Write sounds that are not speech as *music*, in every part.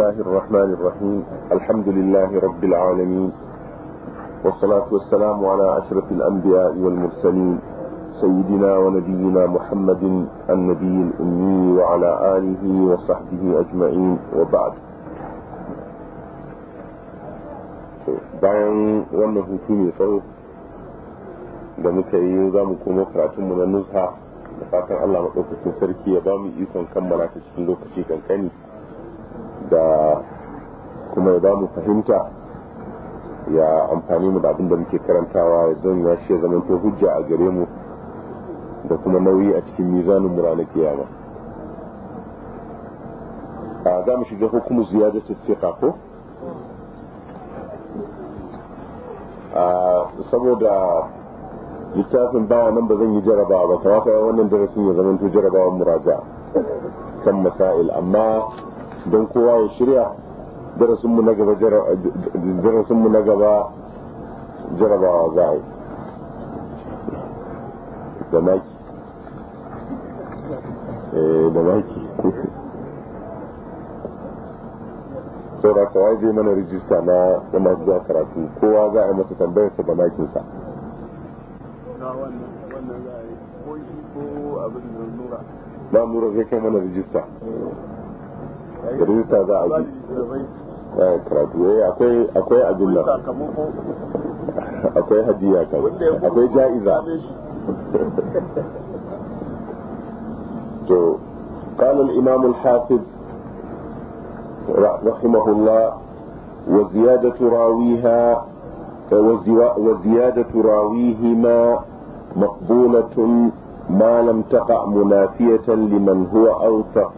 الله الرحمن الرحيم الحمد لله رب العالمين والصلاة والسلام على أشرف الأنبياء والمرسلين سيدنا ونبينا محمد النبي الأمي وعلى آله وصحبه أجمعين وبعد bayan wannan hutu mai tsawo da muka yi za mu komo karatunmu na nuzha da fatan allah maɗaukakin sarki ya ba كان ikon da kuma ya ba mu fahimta ya amfani mu da abin da muke karantawa ya zan ya shi zama to hujja a gare mu da kuma nauyi a cikin mizanin mu ranar kiyama a za mu shiga hukumu ziyarar tattaka ko a saboda littafin bawa nan ba zan yi jarabawa ba kawai wannan darasin ya zama to jarabawan muraja kan masail amma don kowa ya shirya darasinmu na gaba darasinmu na jarabawa za a yi da maki eh, da maki *laughs* saura kawai zai mana rijista na zama zuwa karatu kowa za a yi masa tambayar sa da makinsa ba nura zai kai mana rijista gare ta za a bi karatu yayi akwai akwai adilla akwai hadiya ka akwai ja'iza قال الإمام الحافظ رحمه الله وزيادة راويها وزيادة راويهما مقبولة ما لم تقع منافية لمن هو أوثق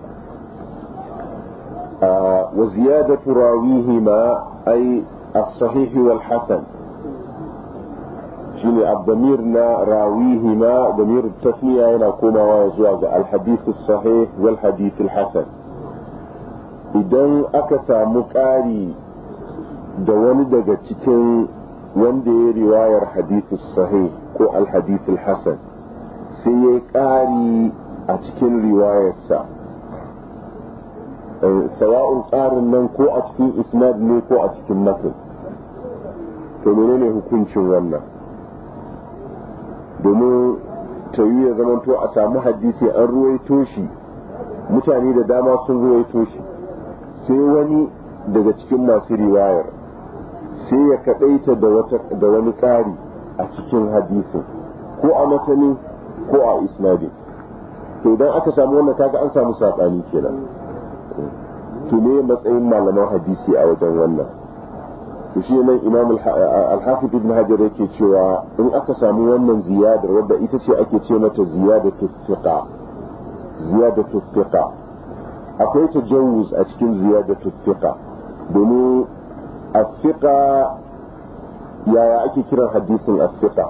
وزيادة راويهما أي الصحيح والحسن شيني الضميرنا راويهما ضمير التثنية هنا كما ويزواج الحديث الصحيح والحديث الحسن idan aka samu ƙari da wani daga cikin wanda ya riwayar hadithu sahih ko alhadithu hasan sai ya ƙari a cikin riwayarsa Eh, sawa'un tsarin nan ko a cikin isnad ne ko a cikin matan to menene hukuncin wannan domin ta yi ya zamanto a samu hadisi an ruwaito shi mutane da dama sun ruwaito shi sai wani daga cikin masu riwayar sai ya kaɗaita da wani ƙari a cikin hadisin ko a matanin ko a isnadin to idan aka samu wannan kaga an samu saɓani kenan to ne matsayin malaman hadisi a wajen wannan to shi nan imam al-hafiz ibn hajar yake cewa in aka samu wannan ziyadar wadda ita ce ake ce mata ziyadatu fiqa ziyadatu fiqa akwai jawus a cikin ziyadatu fiqa domin afiqa yaya ake kiran hadisin afiqa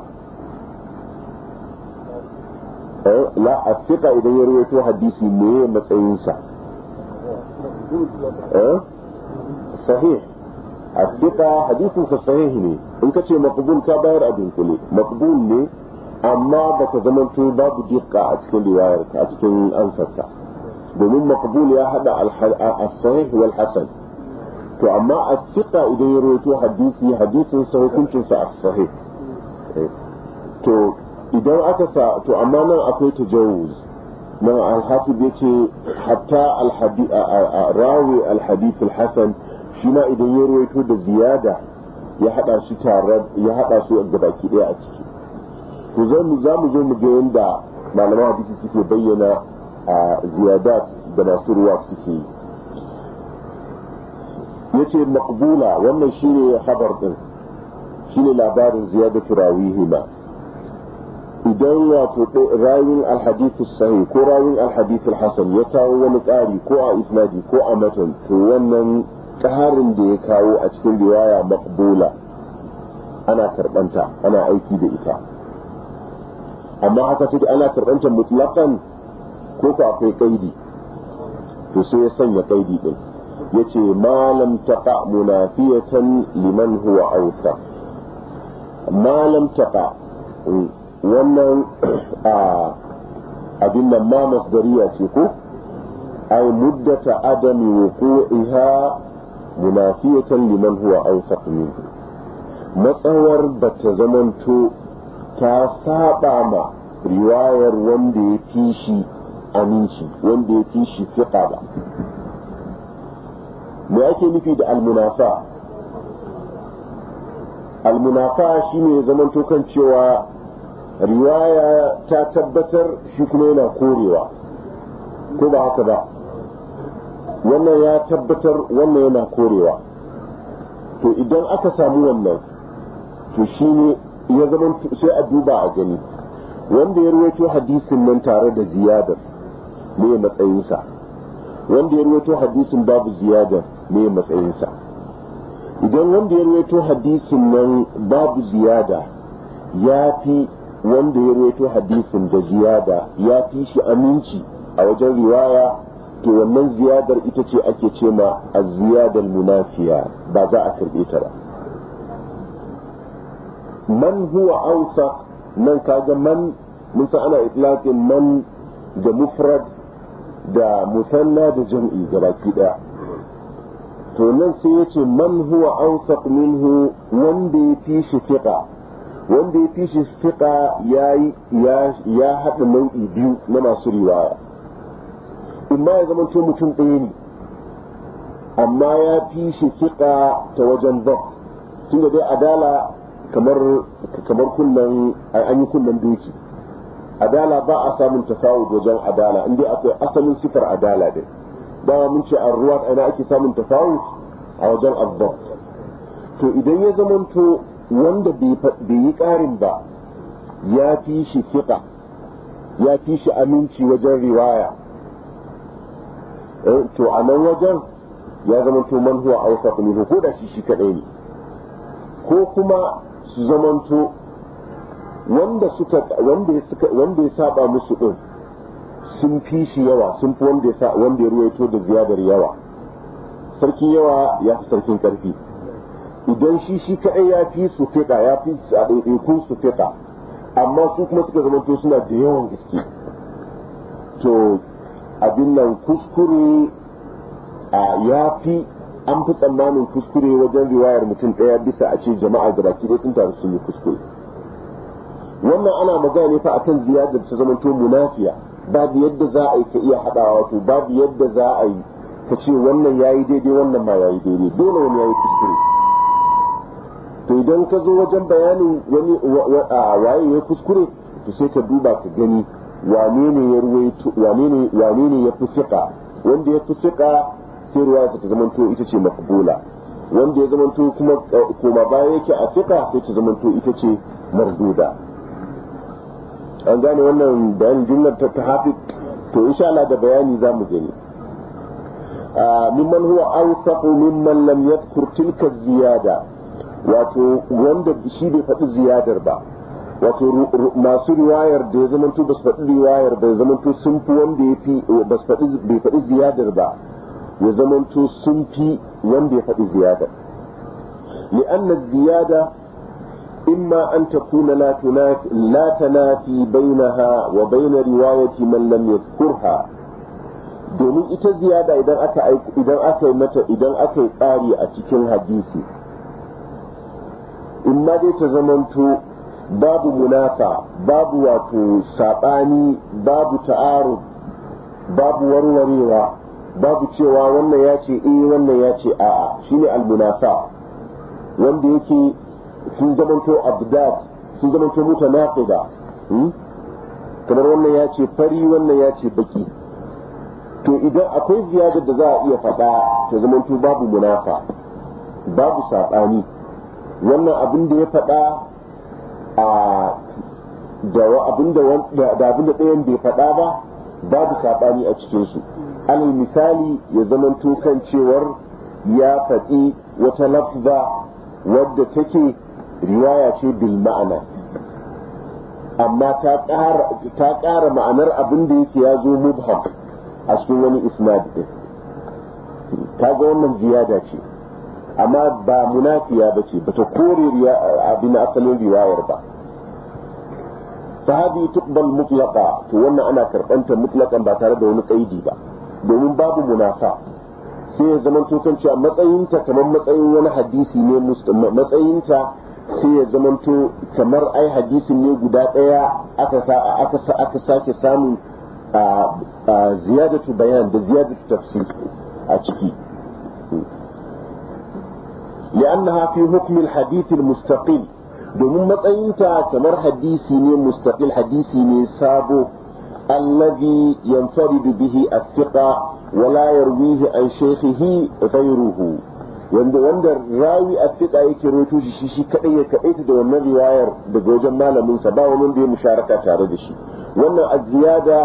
eh, la afiqa idan ya rawaito hadisi ne matsayinsa Eh? sahih الثقة حديث في الصحيح ne in ka ce maqbul ka bayar a dunkule maqbul ne amma ba baka zamanto babu diqqa a cikin riwayar a cikin ansarka domin maqbul ya hada as-sahih wal hasan to amma as-thiqa idan ya rawaito hadisi hadisin sa hukuncin sa as-sahih eh. to idan aka sa to amma nan akwai tajawuz نعم الحافظ يتي حتى الحديث راوي الحديث الحسن فيما اذا يرويته بزيادة يحبا شي تارد يحبا شي اقبا كده اتكي فزان نزام زوم جين دا ما لما بيتي بينا زيادات بناصر واق سيكي يتي مقبولة وما شيني خبر دن شيني لعبار زيادة راويهما idan wato rawin alhadithu sahi ko rawin alhadithu hasan ya kawo wani kari ko a isnadi ko a matan to wannan ƙarin da ya kawo a cikin riwaya maqbula ana karbanta ana aiki da ita amma haka take ana karbanta mutlaqan ko ko akwai kaidi to sai ya sanya kaidi din yace ma lam taqa munafiyatan liman huwa awsa ma taqa mm, wannan *coughs* abin nan ma masdariya ce ko ay muddata adami wuqu'iha munafiyatan liman huwa awsaq minhu matsawar bata zamanto ta saba ma riwayar wanda ya fi aminci wanda ya fi shi fiqa ba me ake nufi da almunafa almunafa shine zamanto kan cewa riwaya ta tabbatar shi kuma yana korewa ko ba haka ba wannan ya tabbatar wannan yana korewa to idan aka samu wannan to shi ne ya zama sai a duba a gani wanda ya ruwaito hadisin nan tare da ziyadar ne matsayinsa wanda ya ruwaito hadisin babu ziyadar ne matsayinsa idan wanda ya ruwaito hadisin nan babu ziyada ya fi wanda ya rawaito hadisin da ziyada ya fi shi aminci a wajen riwaya to wannan ziyadar ita ce ake ce ma az munafiya ba za a karbe ta ba man huwa nan kaga man musa ana itlaqin man da mufrad da musanna da jam'i gabaki daya to nan sai yace man huwa awsaq minhu wanda ya fi shi fiqa wanda ya fi shi ya haɗa nau'i biyu na masu riwaya imma ya zama mutum ɗaya ne amma ya fi shi fiƙa ta wajen tun da dai adala kamar kamar an yi kunnan doki adala ba a samun tasawud wajen adala inda akwai asalin sifar adala dai dama mun ce a ruwa ana ake samun tafawu a wajen azzab to idan ya zamanto wanda bai yi ƙarin ba ya fi shi fiƙa ya fi shi aminci wajen riwaya eh, to a nan wajen ya zama to man huwa wasa kuma ko da shi shi kadai ne ko kuma su zamanto wanda wanda suka wanda ya saba musu din sun fi shi yawa sun fi wanda ya wanda ya ruwaito da ziyadar yawa sarki yawa ya fi sarkin ƙarfi. idan shi shi kaɗai ya fi su fiƙa ya fi su a ɗaiɗaikun su fiƙa amma su kuma suka zamanto suna da yawan gaske to abin nan kuskure a ya fi an fi tsammanin kuskure wajen riwayar mutum ɗaya bisa a ce jama'a da baki ɗaya sun taru sun yi kuskure wannan ana magana ne fa akan ziyarar ta zamanto munafiya babu yadda za a yi ka iya haɗawa wato babu yadda za a yi ka ce wannan ya yi daidai wannan ma yi daidai dole wani ya yi kuskure to idan ka zo wajen bayanin wani waye ya kuskure to sai ka duba ka gani wane ne ya ruwaito wane ne ya fi fiqa wanda ya fi fiqa sai ruwa ta to ita ce maqbula wanda ya to kuma koma baya yake a fiqa sai ta to ita ce marduda an gane wannan bayanin jumlar ta hafi to insha Allah da bayani za mu gani mimman huwa awsaqu mimman lam yadhkur tilka ziyada wato wanda shi bai faɗi ziyadar ba wato masu riwayar da ya zamanto ba su faɗi riwayar ba ya zamanto sun fi wanda ya fi eh, ba su bai faɗi ziyadar ba ya zamanto sun fi wanda ya faɗi ziyadar li'anna ziyada إما أن تكون لا تنافي, لا bainaha wa وبين رواية من لم يذكرها domin ita ziyada idan aka idan aka mata idan aka yi tsari a cikin hadisi in ma dai ta zamanto babu munafa babu wato saɓani babu ta'aru babu warwarewa babu cewa wannan ya ce eh wannan ya ce a'a shine almunafa wanda yake sun zamanto abdad sun zamanto naqida hmm? kamar wannan ya ce fari wannan ya ce baki to idan akwai ziyadar da za a iya faɗa ta zamanto babu munafa babu saɓani wannan abin da ya faɗa a da abin da ɗayan bai faɗa ba babu saɓani a cikinsu alal misali ya zamanto kan cewar ya faɗi wata lafza wadda take riwaya ce bil ma'ana amma ta ƙara ma'anar abin da yake ya zo mubham a cikin wani isnad ɗin ta ga wannan ziyada ce amma ba munafiya ba ce ba ta kore abin asalin riwayar ba sahabi tuqbal mutlaqa to wannan ana karbanta mutlaqan ba tare da wani kaidi ba domin babu munafa sai ya zama kan cewa matsayinta kamar matsayin wani hadisi ne matsayinta sai ya zama to kamar ai hadisin ne guda daya aka sa aka sa aka sake samun ziyadatu bayan da ziyadatu tafsir a ciki لأنها في حكم الحديث المستقل domin matsayinta kamar hadisi ne mustaqil hadisi ne sabo allazi yanfaridu bihi as-siqa wa la yarwihi an shaykhihi ghayruhu wanda wanda rawi as-siqa yake roto shi shi kadai ya kadaita da wannan riwayar daga wajen malamin sa ba wani da ya musharaka tare da shi wannan az-ziyada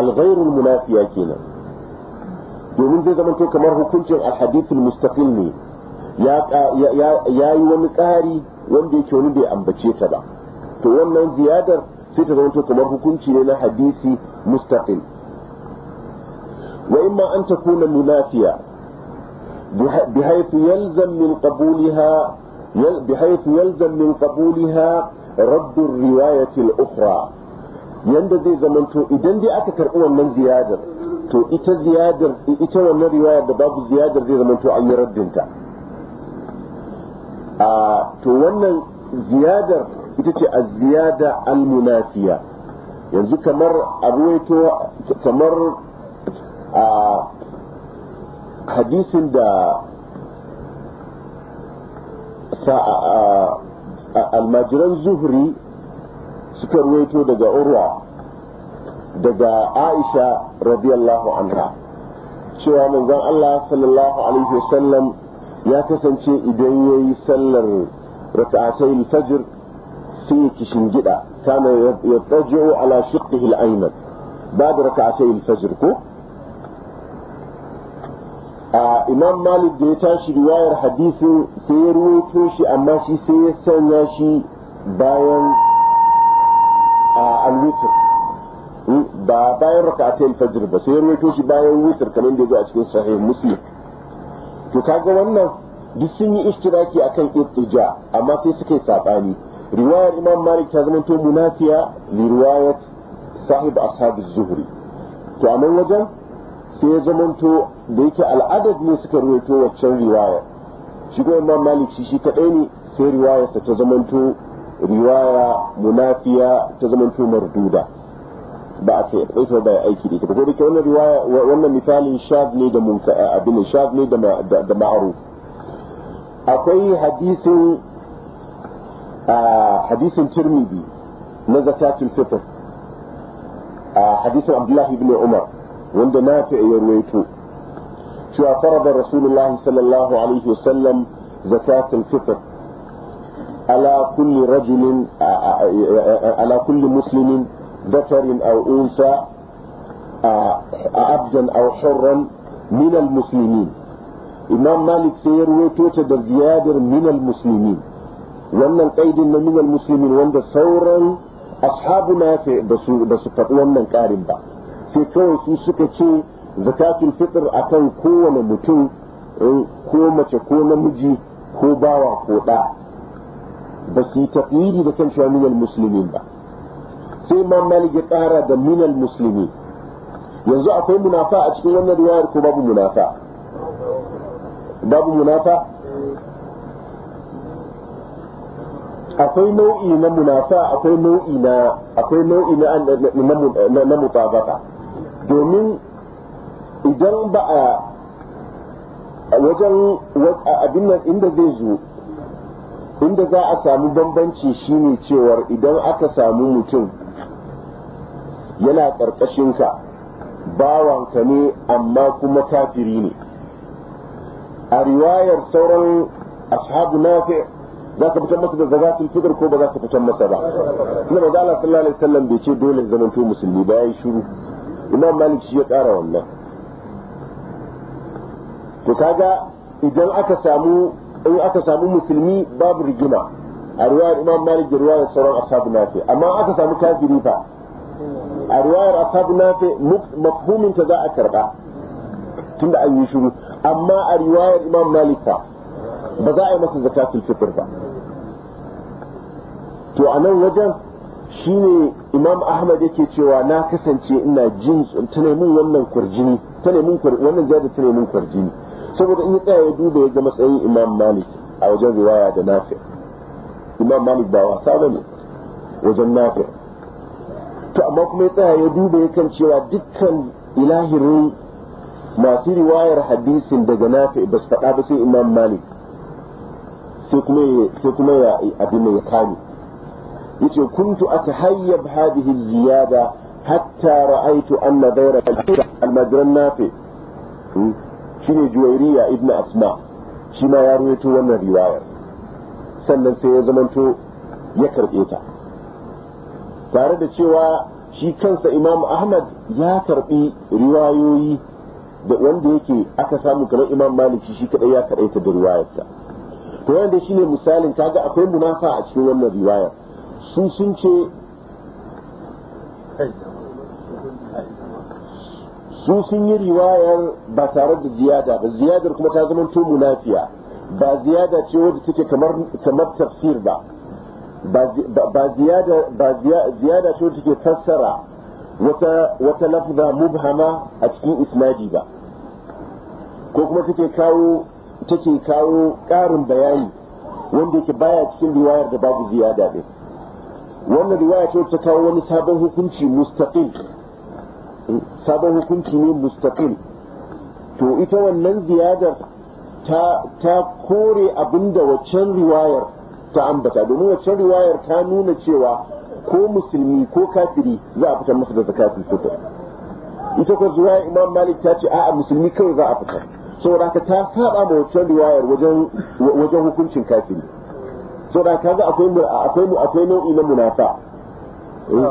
al-ghayr al-munafiya kenan domin zai zama to kamar hukuncin al-hadith al-mustaqil ne ya yi wani ƙari wanda yake wani bai ambace ta ba to wannan ziyadar sai ta zama kamar hukunci ne na hadisi mustaqil wa imma an takuna munafiya بحيث يلزم من قبولها min يلزم من قبولها رد الرواية الأخرى yanda zai zamanto idan dai aka karɓi wannan ziyadar to ita ziyadar ita wannan riwayar da babu ziyadar zai zamanto an yi raddinta a to wannan ziyadar ita ce az-ziyada al yanzu kamar to kamar a hadisin da almajiran zuhri suka ruwaito daga urwa daga aisha radiyallahu anha cewa manzon Allah sallallahu alaihi wasallam ya kasance idan ya yi sallar rakatai fajr sai ya kishin gida kana ya tsaje tsajiyo ala shiqqihi al ba da rakatai fajr ko a imam malik da ya tashi riwayar hadisin sai ya ruwaito shi amma shi sai ya sanya shi bayan al-witr ba bayan rakatai fajr ba sai ya ruwaito shi bayan witr kamar da ya zo a cikin sahih muslim to kaga wannan duk sun yi ishtiraki akan irtija amma sai suka yi sabani riwayar imam malik ta zama to munafiya li riwayat sahib ashab az-zuhri to a nan wajen sai ya zama to da yake al'adad ne suka ruwaito waccan riwaya shi ko imam malik shi shi kadai ne sai riwayarsa ta zama to riwaya munafiya ta zama to marduda ba a sai ɗauke ba ya aiki da ita ba da ke wannan riwaya wannan misalin shaf ne da munka abin shaf ne da ma'aru akwai hadisin hadisin tirmidhi na zakatul fitr hadisin abdullah ibn umar wanda na fi ya ruwaito cewa farada rasulullahi sallallahu alaihi wasallam zakatul fitr ala kulli rajulin ala kulli muslimin ذكر أو أنثى آه، آه، عبدا أو حرا من المسلمين إمام مالك سيروي توتد زيادر من المسلمين وأن القيد إن من المسلمين وأن ثورا اصحاب ما في بس وأن الكارم سيكو سيكون سيسكتشي زكاة الفطر أكن كون متو ko mace ko namiji ko bawa ko ɗa ba su yi taƙiri da sai ma malik ya kara da minal musulmi yanzu akwai munafa a cikin wannan riwayar ko babu munafa babu munafa akwai nau'i na munafa akwai nau'i na akwai nau'i na na mutabaka domin idan ba a wajen abin nan inda zai zo inda za a samu bambanci shine cewar idan aka samu mutum yana ƙarƙashinka bawanka ne amma kuma kafiri ne a riwayar sauran ashabu nafi za ka fitar masa da zakatul fitr ko ba za ka fitar masa ba kuma manzo Allah sallallahu alaihi wasallam bai ce dole zamanto musulmi ba yayi shiru imam malik shi ya ƙara wannan to kaga idan aka samu in aka samu musulmi babu rigima a riwayar imam malik da riwayar sauran ashabu nafi amma aka samu kafiri fa a riwayar ashab nafi mafhumin ta za a karba tunda an yi shiru amma a riwayar imam malik ba za a yi masa zakatul fitr ba to a nan wajen shine imam ahmad yake cewa na kasance ina jin ta nemi wannan kurjini ta nemi wannan jada ta nemi kurjini saboda in ya tsaya ya duba ya ga matsayin imam malik a wajen riwaya da nafi imam malik ba wasa bane wajen nafi' to amma kuma ya tsaya ya duba yakan cewa dukkan ilahirin masu riwayar hadisin daga nafi ba su faɗa ba sai imam malik sai kuma ya abin ya kame yace kuntu atahayyab hadhihi ziyada hatta ra'aytu anna ghayra al-madran nafi hmm? shine juwairiya ibn asma shi ma ya ruwaito wannan riwayar sannan sai ya zamanto ya karbe ta tare da cewa shi kansa imam ahmad ya karbi riwayoyi da wanda yake aka samu kamar imam maliki shi kadai ya kadaita da Ta to wanda shine misalin kaga akwai munafa a cikin wannan riwaya su sun ce su sun yi riwayar ba tare da ziyada ba ziyadar kuma ta zama to munafiya ba ziyada ce wadda take kamar kamar tafsir ba ba ziyada ce take fassara wata lafza mubhama a cikin isnadi ba ko kuma take kawo take kawo ƙarin bayani wanda yake baya cikin riwayar da babu ziyada din wannan riwaya ce ta kawo wani sabon hukunci mustaqil sabon hukunci ne mustaqil to ita wannan ziyadar ta kore abinda waccan riwayar ta ambata domin riwayar ta nuna cewa ko musulmi ko kafiri za a fitar masa da zakati fitr ita ko zuwa imam malik ta ce a'a musulmi kawai za a fitar saboda ka ta saba ma wancan riwayar wajen hukuncin kafiri saboda ka ga akwai akwai akwai nau'i na munafa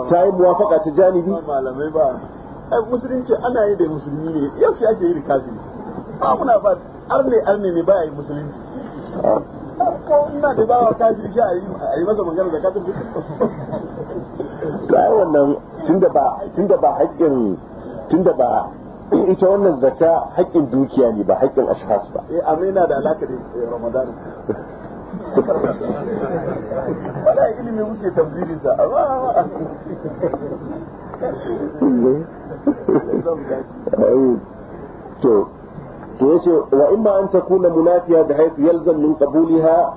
ta yi muwafaka ta janibi malamai ba musulunci ana yi da musulmi ne yau ake yi da kafiri ba muna ba arne arne ne ba yi musulunci ah. ina da bawa kafiri shi a yi masa magana da kafiri to ai wannan tunda ba tunda ba haƙƙin tunda ba ita wannan zaka haƙƙin dukiya ne ba haƙƙin ashkhas ba eh amma yana da alaka da eh, ramadan wala ilimi muke tafsirin sa amma to to yace wa imma an takuna munafiya da haythu yalzam min qabulha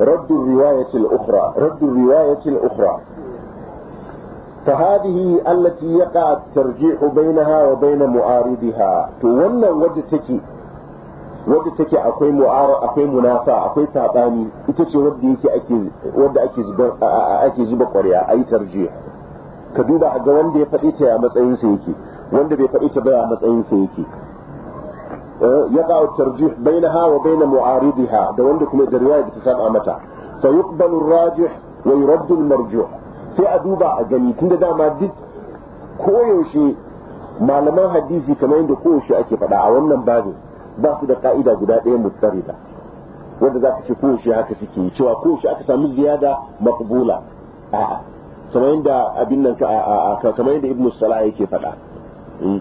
رد الرواية الأخرى رد الرواية الأخرى فهذه التي يقع الترجيح بينها وبين معارضها تولى وجدتك وجدتك أخي معارض أخي منافع أخي تعباني إتشي وديك أكي زب قرية أي ترجيح كدوبة حق وندي فقيتها مسأين سيكي وندي فقيتها مسأين سيكي يقع الترجيح بينها وبين معارضها ده وندكم الرواية بتسابع متى فيقبل الراجح ويرد المرجوح في أدوبة أجني تند دا ما دي كويوشي malaman hadisi kamar yadda kowace ake faɗa a wannan babin ba su da ka'ida guda ɗaya mutsarida wanda za ka ce kowace haka suke yi cewa kowace aka sami ziyada makbula a'a kamar yadda abin nan kamar yadda ibnu salah yake faɗa hmm.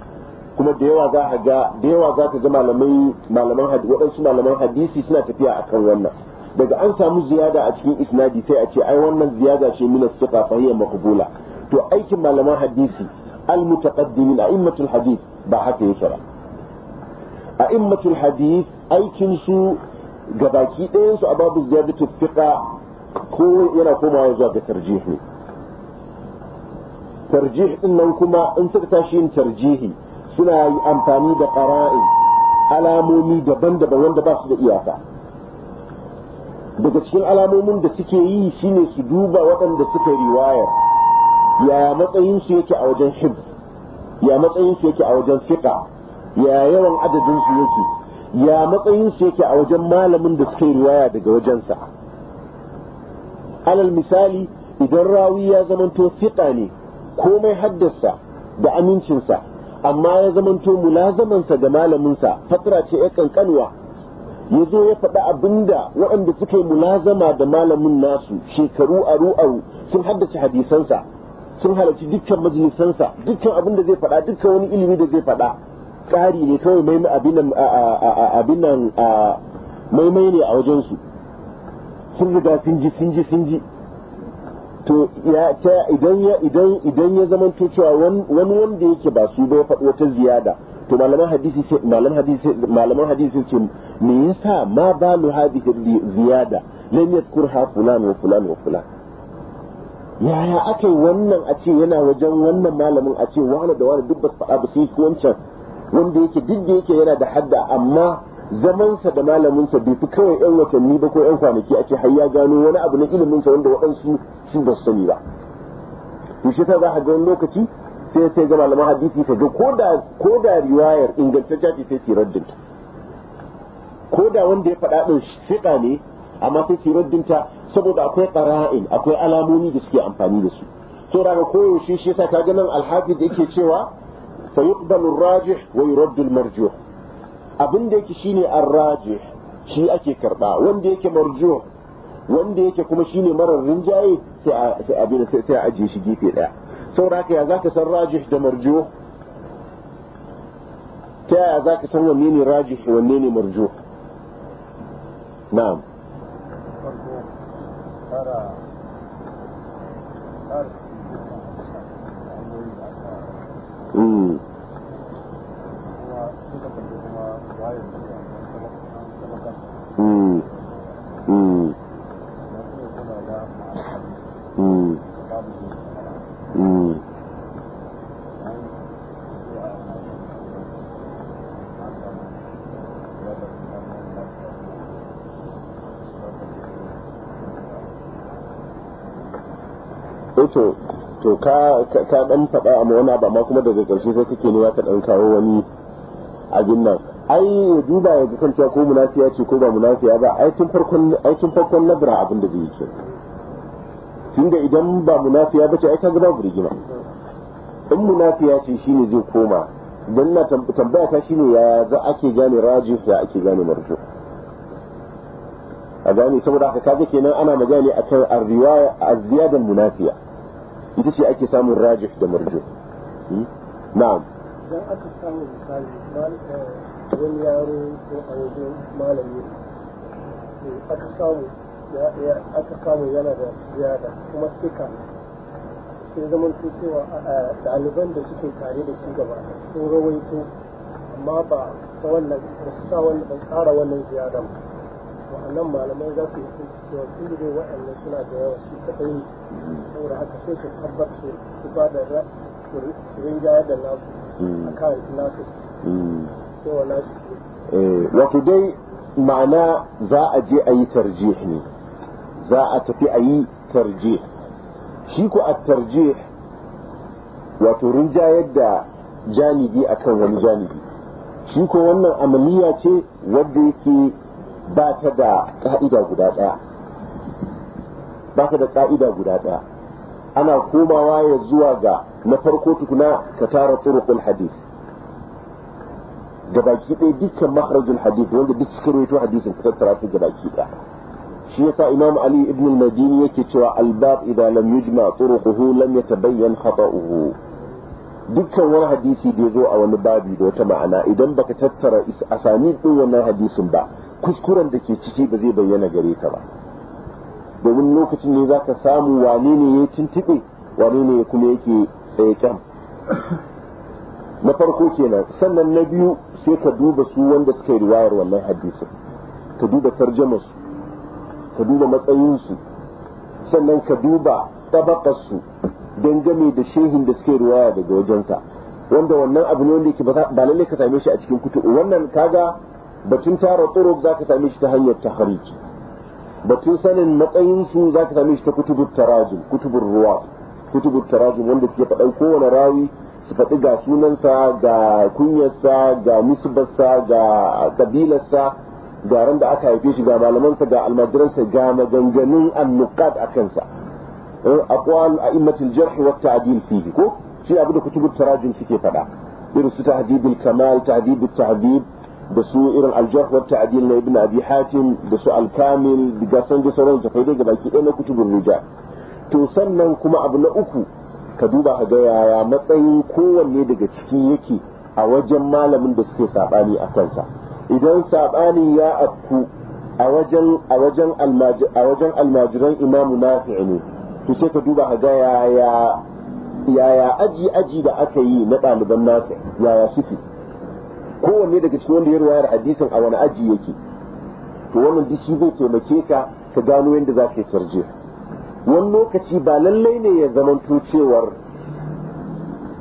kuma da yawa za ka ga da yawa za ga malamai malaman waɗansu malaman hadisi suna tafiya akan wannan daga an samu ziyada a cikin isnadi sai a ce ai wannan ziyada ce min as-siqa fa hiya maqbula to aikin malaman hadisi al-mutaqaddimin a'immatul hadith ba haka yake ba a'immatul hadith aikin su gabaki ɗayan su a babu ziyadatu fiqa ko yana komawa zuwa ga tarjih ne tarjih din nan kuma in suka tashi yin tarjihi suna yi amfani da qara'in alamomi daban-daban wanda ba su da iyaka daga cikin alamomin da suke yi shine su duba waɗanda suka riwaya. ya matsayin su yake a wajen shib ya matsayin su yake a wajen fiqa ya yawan adadin su yake ya matsayin su yake a wajen malamin da suke riwaya daga wajensa alal misali idan rawi ya zamanto fiqa ne komai haddasa da amincinsa amma ya zamanto mulazamansa ga malaminsa fatira ce ya kankanwa ya zo ya faɗi abinda waɗanda suke mulazama da malamin nasu shekaru aru aru sun haddace hadisansa sun halarci dukkan majalisansa dukkan abin zai faɗa dukkan wani ilimi da zai faɗa ƙari ne kawai mai abin nan maimai ne a wajensu sun riga sun ji sun ji sun ji to ya ta idan ya idan idan ya zama to cewa wani wanda yake ba su ba ya faɗi wata ziyada to malaman hadisi ce malaman hadisi malaman hadisi ce me yasa ma ba balu da ziyada lam yadhkurha fulan wa fulan wa fulan yaya aka yi wannan a ce yana wajen wannan malamin a ce wani da wani duk ba faɗa ba sai wancan wanda yake duk da yake yana da hadda amma zamansa da malaminsa bai fi kawai 'yan watanni ba ko 'yan kwanaki a ce har ya gano wani abu na iliminsa wanda waɗansu su ba su sani ba to shi ta za a ga wani lokaci sai sai ga malaman hadisi ka ga ko da riwayar ingantacciya ce sai tirar dinta ko da wanda ya faɗa ɗin shiɗa ne amma sai tirar dinta saboda akwai ƙara'in akwai alamomi da suke amfani da su to daga koyaushe shi ta ga ganin alhafi da yake cewa fa yuqbalu rajih wa yuraddu al abin da yake shine arraje shi ake karba wanda yake marjo, wanda yake kuma shine marar rinjaye sai a sai ajiye shi gefe daya saboda haka ya zaka san rajih da marjo? ta yaya zaka san wanne ne rajih wanne ne marjo na'am Mm. Eh, to ka dan faɗa a wani ba ma kuma daga ƙarshe sai kake ne ya ka dan kawo wani abin nan ai ya duba ya kan kanta ko munafiya ce ko ba munafiya ba ai tun farkon ai tun farkon labra abin da zai ce tunda idan ba munafiya bace ai kaga babu rigima in munafiya ce shine zai koma dan na tambaya ta shine ya za ake gane rajih ya ake gane marju? a gane saboda haka kaje kenan ana magani akan ar-riwaya munafiya ita ce ake samun rajih da marju. Hmm? na'am dan aka samu misali eh, wani yaro ko a wajen malami aka samu aka samu yana da ziyada kuma suka sai zaman su cewa ɗaliban da suke tare da shi gaba sun rawaito amma ba ta wannan sa wannan tsara wannan ziyada ba wa'annan malamai za su yi cewa sun da waɗannan suna da yawa su kaɗai ne saboda haka sai su tabbar su su ba da rinjaya da nasu hmm. a nasu hmm. Eh, wato dai ma'ana za a je a yi tarjih ne za a tafi a yi tarjih shi ku a tarjih wato rinjayar da janibi akan wani janibi shi ko wannan amaliya ce wadda yake ba ta da ƙa'ida guda ɗaya ba ta da ka'ida guda ɗaya ana komawa ya zuwa ga na farko tukuna ka tara turukul hadith gabaki ɗaya dukkan makarajin hadith wanda duk suka rawaito hadisin suka tsara su gabaki ɗaya shi yasa imam ali ibn al-madini yake cewa albab idan lam yujma turuquhu lam yatabayyan khata'uhu dukkan wani hadisi da zo a wani babi da wata ma'ana idan baka tattara asani ɗin wannan hadisin ba kuskuren da ke ciki ba zai bayyana gare ka ba domin lokacin ne zaka samu wane ne ya tuntube wane ne kuma yake tsaye na farko kenan sannan na biyu sai ka duba su wanda suka yi riwayar wannan hadisin ka duba tarjamarsu ka duba matsayinsu sannan ka duba tabakarsu don game da shehin da suka yi riwaya daga wajensa wanda wannan abu ne wanda yake ba lalle ka same shi a cikin kutu wannan kaga batun tara tsoro za ka same shi ta hanyar ta tahariji batun sanin matsayinsu za ka same shi ta kutubur tarajin kutubur ruwa kutubur tarajin wanda suke faɗan kowane rawi su faɗi ga sunansa ga kunyarsa ga nisbarsa ga kabilarsa ga ran da aka haife shi ga malamansa ga almajiransa ga maganganun annuqat a kansa eh, aqwal a'immatul jarh wa ta'dil fihi ko shi abu da kutubut tarajim suke faɗa irin su tahdidul kamal tahdidul tahdid da su irin aljarh wa ta'dil na ibn abi hatim da su alkamil da san da sauran da faidai ga baki ɗaya na kutubul rijal to sannan kuma abu na uku ka duba a ga yaya matsayin kowanne daga ciki yake a wajen malamin da suke sabani a kansa idan sabani ya afku a wajen a wajen a wajen almajiran imamu nafi'i ne to sai ka duba a ga yaya yaya aji aji da aka yi na ɗaliban nafi yaya suke kowanne daga cikin wanda ya da hadisin a wani aji yake to wannan dishi shi zai taimake ka ka gano yadda za ka yi wani lokaci ba lallai ne ya zama cewar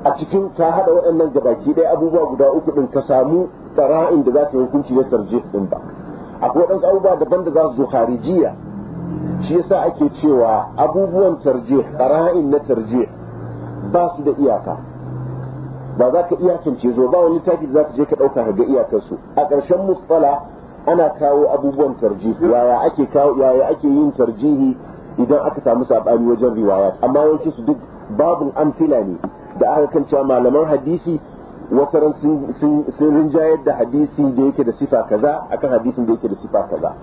a cikin ka haɗa waɗannan gabaki ɗaya abubuwa guda uku ɗin ka samu tsara'in da za ta hukunci na sarje ɗin ba akwai waɗansu abubuwa daban da za su zo harijiya shi yasa ake cewa abubuwan tarje tsara'in na tarje ba su da iyaka ba za ka iyakance zo ba wani taki da za ka je ka ɗauka ka ga iyakarsu a ƙarshen musfala ana kawo abubuwan tarjihi yaya ake kawo yaya ake yin tarjihi idan aka samu sabani wajen riwaya amma yawanci su duk babu amfila ne da aka kan cewa malaman hadisi wataran sun rinjayar da hadisi da yake da sifa kaza akan hadisin da yake da sifa kaza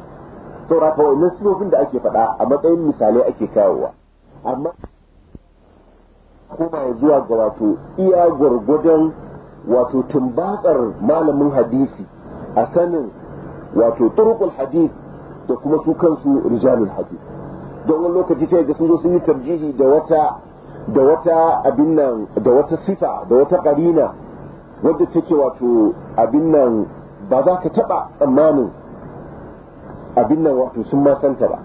saura kawai na sifofin da ake faɗa a matsayin misalai ake kawowa amma kuma zuwa ga wato iya gwargwadon wato tumbatsar malamin hadisi a sanin wato turkul hadis da kuma su kansu rijalul hadis don wani lokaci sai ga sun zo sun yi tarjihi da wata da wata abin nan da wata sifa da wata karina wadda take wato abin nan ba za ka taba tsammanin abin nan wato sun ma santa ba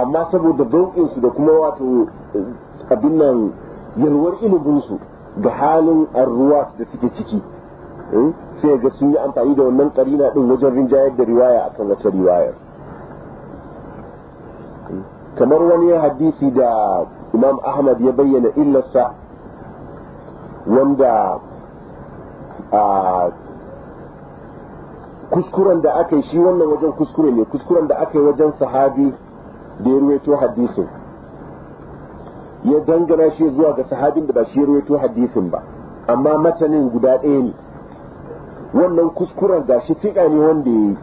amma saboda su da kuma wato eh, abin nan yalwar su da halin arruwa da suke ciki eh, sai ga sun yi amfani da wannan karina din wajen rinjayar da riwaya akan wata riwayar kamar wani hadisi da imam ahmad ya bayyana illarsa wanda a kuskuren da aka yi shi wannan wajen kuskure ne kuskuren da aka yi wajen sahabi da ya ruwaito hadisin ya dangana shi zuwa ga sahabin da ba shi ya ruwaito hadisin ba amma matanin guda ɗaya ne wannan kuskuren ga shi fiƙa ne wanda ya yi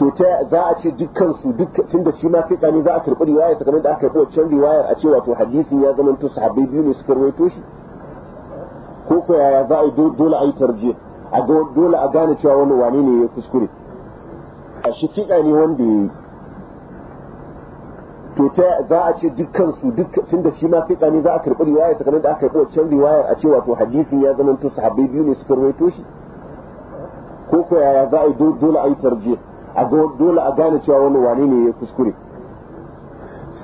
to ta za a ce dukkan su duk tunda shi ma fiqa ne za a karbi riwaya sakamakon da aka karbi wancan riwayar a ce wato hadisin ya zama to sahabbai biyu ne suka rawaito shi ko ko yaya za a yi dole a yi tarjih a dole a gane cewa wani wane ne ya kuskure a shi fiqa ne wanda ya to ta za a ce dukkan su duk tunda shi ma fiqa ne za a karbi riwaya sakamakon da aka karbi wancan riwayar a ce wato hadisin ya zama to sahabbai biyu ne suka rawaito shi ko ko yaya za a yi dole a yi tarjiya. a dole a gane cewa wani wane ne ya kuskure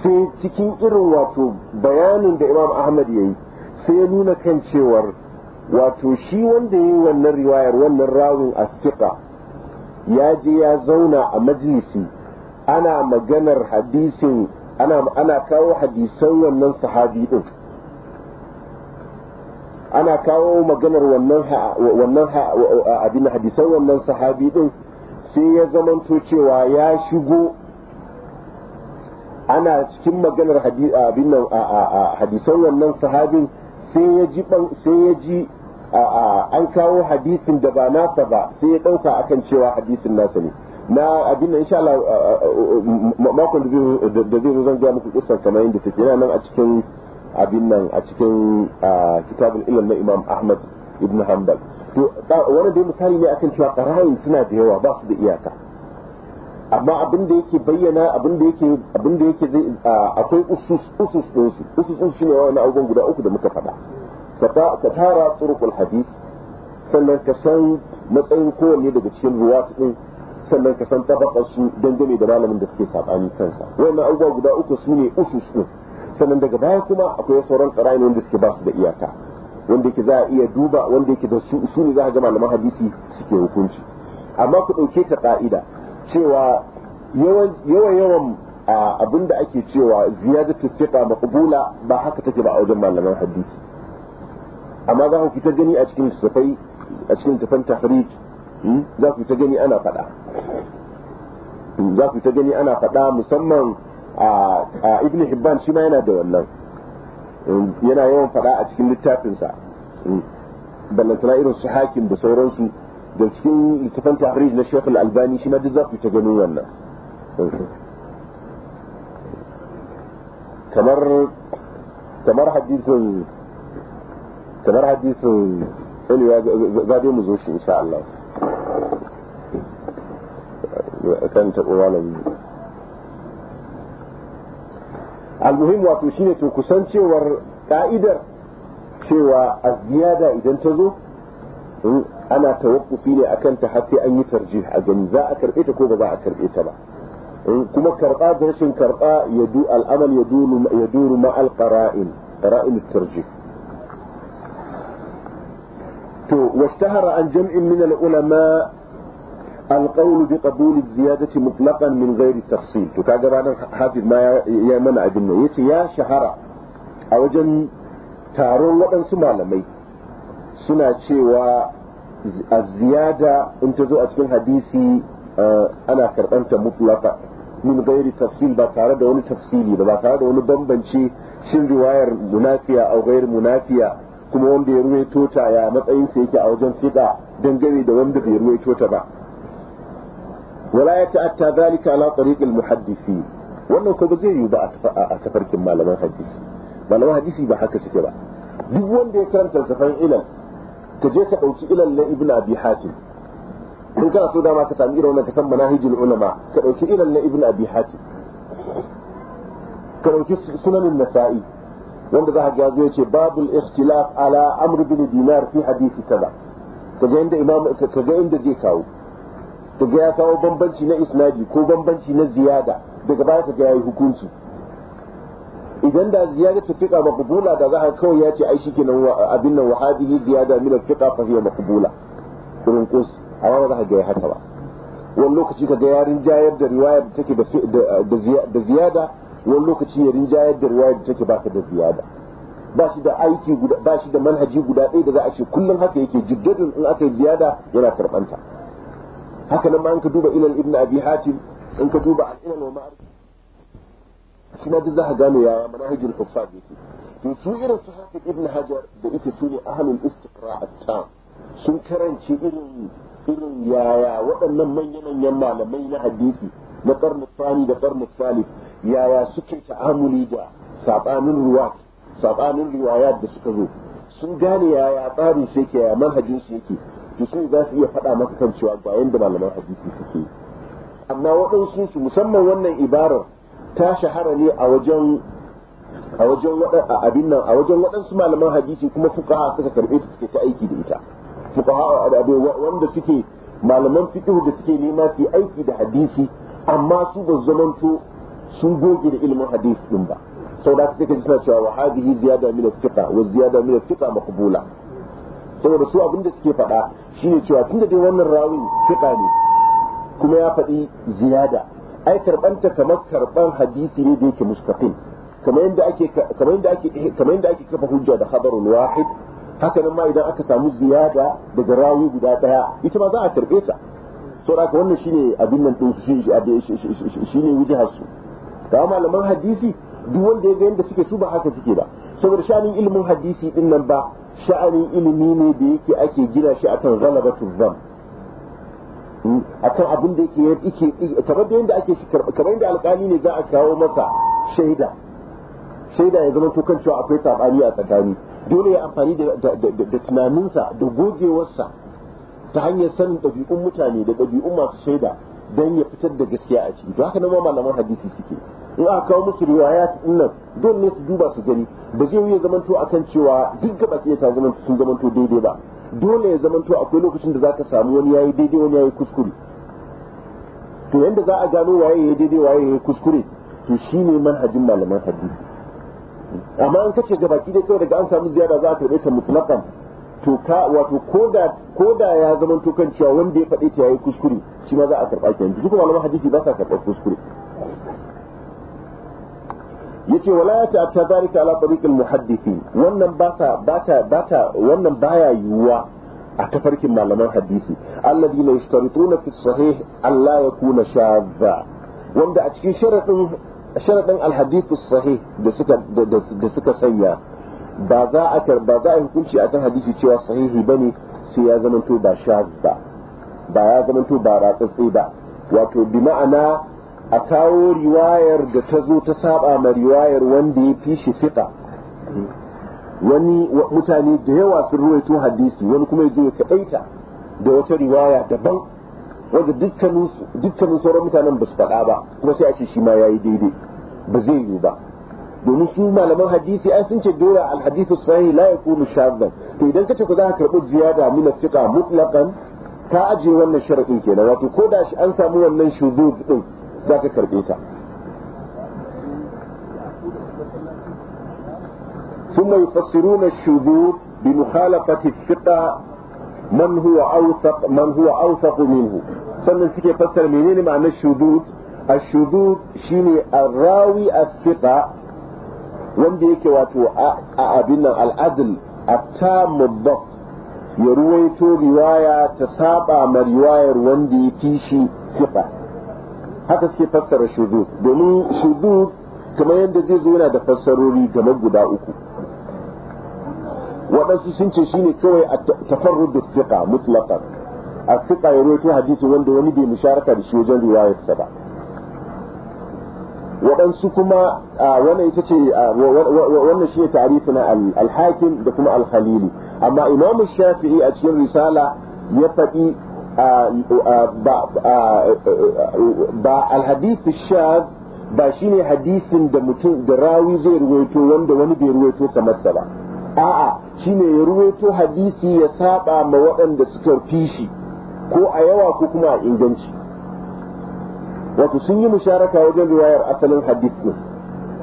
sai cikin irin wato bayanin da imam ahmad ya yi sai ya nuna kan cewar wato shi wanda ya yi wannan riwayar wannan rawun a ya je ya zauna a majalisi ana maganar hadisin ana kawo hadisan wannan sahabi din ana kawo maganar wannan abin hadisan wannan sahabi din sai ya zamanto cewa ya shigo ana cikin maganar abin nan hadisan wannan sahabin sai ya ji an kawo hadisin da ba nasa ba sai ya ɗauka akan cewa hadisin nasa ne na abin nan insha Allah makon da zai zan ga muku kusan kamar yadda take yana nan a cikin abin nan a cikin kitabul ilm na Imam Ahmad ibn Hanbal to wani dai misali ne akan cewa ƙarayin suna da yawa ba su da iyaka amma abin da yake bayyana abin da yake abin da yake akwai usus usus din su usus din shine wani abubuwan guda uku da muka faɗa ka tara turqul hadith sannan ka san matsayin kowanne daga cikin ruwatu din sannan ka san tabakar su dangane da malamin da suke sabani kansa wannan abubuwa guda uku su ne usus din sannan daga baya kuma akwai sauran ƙarayin wanda suke ba su da iyaka wanda yake za a iya duba wanda yake da su ne za a ga malaman hadisi suke hukunci amma ku ɗauke ta ka'ida cewa yawan yawan abin da ake cewa ziyadatu thiqa maqbula ba haka take ba a wajen malaman hadisi amma za ku fita gani a cikin safai a cikin tafan hmm, za ku ta gani ana faɗa za ku ta gani ana faɗa musamman a ibn hibban shi ma yana da wannan yana yawan fada a cikin littafinsa ballantana irin su hakim da sauransu da cikin littafin tahrij na shekul albani shi ma duk za ku ta gano wannan kamar kamar hadisin kamar hadisin ilewa za dai mu zo shi insha Allah kan ta taɓo malamin المهم وفي سنة تو كسانتي ور قائدر شوى الزيادة إذا انتظوا أنا توقفي لي أكنت حتى أن يترجيح أجن ذا أكرئت كوبا ذا أكرئت بقى كما كرقاء درشن كرقاء يدو الأمل يدور يدور مع القرائن قرائن الترجيح تو واشتهر عن جمع من العلماء القول بقبول الزيادة مطلقا من غير تفصيل تكاجر أنا حافظ ما يمنع أبنى يتي يا شهرة أوجن تارون وأن سمالمي سنة شوى الزيادة انتظوا أتكون حديثي أنا كربنت مطلقا min gairi tafsil ba tare da wani tafsili ba tare da wani bambance shin riwayar munafiya a gairi munafiya kuma wanda ya ruwaito ta ya matsayin sa yake a wajen fiqa dangane da wanda bai ruwaito ba wala ya ta'atta zalika ala tariqil muhaddisi wannan ko ba zai yiwu ba a tafarkin malaman hadisi malaman hadisi ba haka suke ba duk wanda ya karanta tafan ilan ka je ka dauki ilan na ibnu abi hatim in kana so dama ka sami irin wannan ka san manahijul ulama ka dauki ilan na ibnu abi hatim ka dauki sunanin nasa'i wanda za ka ga yace babul ikhtilaf ala amr bin dinar fi hadisi kaza kaga inda imam kaga inda zai kawo daga ya kawo bambanci na isnadi ko bambanci na ziyada daga baya ka ga yayi hukunci idan da ziyada ta fiƙa maqbula da za a kawai ya ce ai shi kenan abin nan wahadihi ziyada min al-fiqa fa hiya maqbula irin kus a wannan za ka ga haka ba wani lokaci ka ga yarin jayar da riwaya da take da ziyada wani lokaci yarin jayar da riwaya da take baka da ziyada ba shi da aiki guda ba shi da manhaji guda ɗaya da za a ce kullum haka yake jiddadin in aka yi ziyada yana karɓanta haka nan ma in ka duba ilal ibn abi hatim in ka duba al ilal wa ma'arif shi na za ka gano yaya manhajul huffaz yake to su irin su hafiz ibn hajar da ita su ne ahlul istiqra' at sun karanci irin irin yaya waɗannan manya-manyan malamai na hadisi na karnin sani da karnin salif yaya suke ta'amuli da sabanin ruwa riwayat da suka zo sun gane yaya tsarin su yake yaya manhajin su yake to za su iya faɗa maka kan cewa ba yanda malaman hadisi suke amma waɗansu su musamman wannan ibarar ta shahara ne a wajen a wajen abin nan a wajen waɗansu malaman hadisi kuma fuqaha suka karɓe ta suke ta aiki da ita fuqaha wanda suke malaman fiqh da suke nema su aiki da hadisi amma su ba zamanto sun goge da ilimin hadisi ɗin ba saboda suka ji suna cewa wa hadhihi ziyada min al-fiqh wa ziyada min al-fiqh maqbula saboda su abin da suke faɗa shine cewa tunda dai wannan rawin fiƙa ne kuma ya faɗi ziyada ai karbanta kamar karban hadisi ne da yake mustaqim kamar yadda ake kamar yadda ake eh, kamar yadda ake kafa hujja da khabarul wahid haka nan ma idan aka samu ziyada daga rawi guda daya ita ma za a karbe ta saboda haka wannan shine abin nan din shi shine wujhar su kama malaman hadisi duk wanda ya ga yadda suke su ba haka suke ba saboda shanin ilimin hadisi din nan ba sha'anin ilimi ne da yake ake gina shi akan galabatu zam hmm, akan abin da yake yake kamar da yanda ake shi kamar yanda alƙali ne za a kawo masa shaida shaida ya zama kan cewa akwai sabani a tsakani dole ya amfani da tunaninsa da gogewarsa ta hanyar sanin ɗabi'un mutane da ɗabi'un masu shaida don ya fitar da gaskiya a ciki to haka nan ma malaman hadisi suke in aka kawo musu riwayat nan don ne su duba su gani ba zai yi zamanto akan cewa duk gaba ke ta zamanto sun zamanto daidai ba dole ya zamanto akwai lokacin da zaka samu wani yayi daidai wani yayi kuskure to yanda za a gano waye yayi daidai waye yayi kuskure to shine manhajin malaman hadisi amma in kace gabaki da kawai daga an samu ziyara za a tare ta mutlaqan to ka wato ko da ya zama tukan cewa wanda ya faɗi ya yi kuskure shi ma za a karɓa kenan duk malaman hadisi ba sa karɓar kuskure yace wala ya ta'atta zalika ala tariqil muhaddisi wannan ba ta ba ta ba ta wannan baya yiwuwa a tafarkin malaman hadisi alladina yashtarituna fi sahih alla yakuna shadha wanda a cikin sharadin sharadin alhadith sahih da suka da suka sanya ba za a ba za a hukunci akan hadisi cewa sahihi bane sai ya to ba shaz ba ba ya zamanto ba ratsatsi ba wato bi ma'ana a kawo riwayar da ta zo ta saba ma riwayar wanda ya fi shi fiqa wani mutane da yawa sun ruwaito hadisi wani kuma yaje ya kadaita da wata riwaya daban wanda dukkanin sauran mutanen ba su faɗa ba kuma sai a ce shi ma yayi daidai ba zai yi ba domin su malaman hadisi ai sun ce dole al hadisi sahih la yakunu shadda to idan kace ku za ka karbi ziyada min fiqa mutlaqan ka aje wannan sharadin kenan wato ko da shi an samu wannan shudud din za ka karbe ta ثم يفسرون الشذوذ بمخالفة الثقة من هو أوثق من هو أوثق منه sannan suke fassara menene ma'anar shudud الشذوذ شيني الراوي الثقة wanda yake wato a abin nan al'adil at-tamuddat ya ruwaito riwaya ta saba ma riwayar wanda ya fi shi haka suke fassara shudud domin shudud kamar yadda zai zo yana da fassarori game guda uku waɗansu sun ce shine kawai a da fiƙa mutlaka a fiqa ya ruwaito hadisi wanda wani bai musharaka da shi wajen riwayarsa ba waɗansu kuma wannan ita ce wannan shi tarihi na alhakim da kuma alhalili amma imamu shafi'i a cikin risala ya faɗi ba alhadithu shaz ba shine hadisin da mutum da rawi zai ruwaito wanda wani bai ruwaito kamar sa ba a'a shine ya ruwaito hadisi ya saba ma waɗanda suka fi shi ko a yawa ko kuma a inganci wato sun yi musharaka wajen riwayar asalin hadith din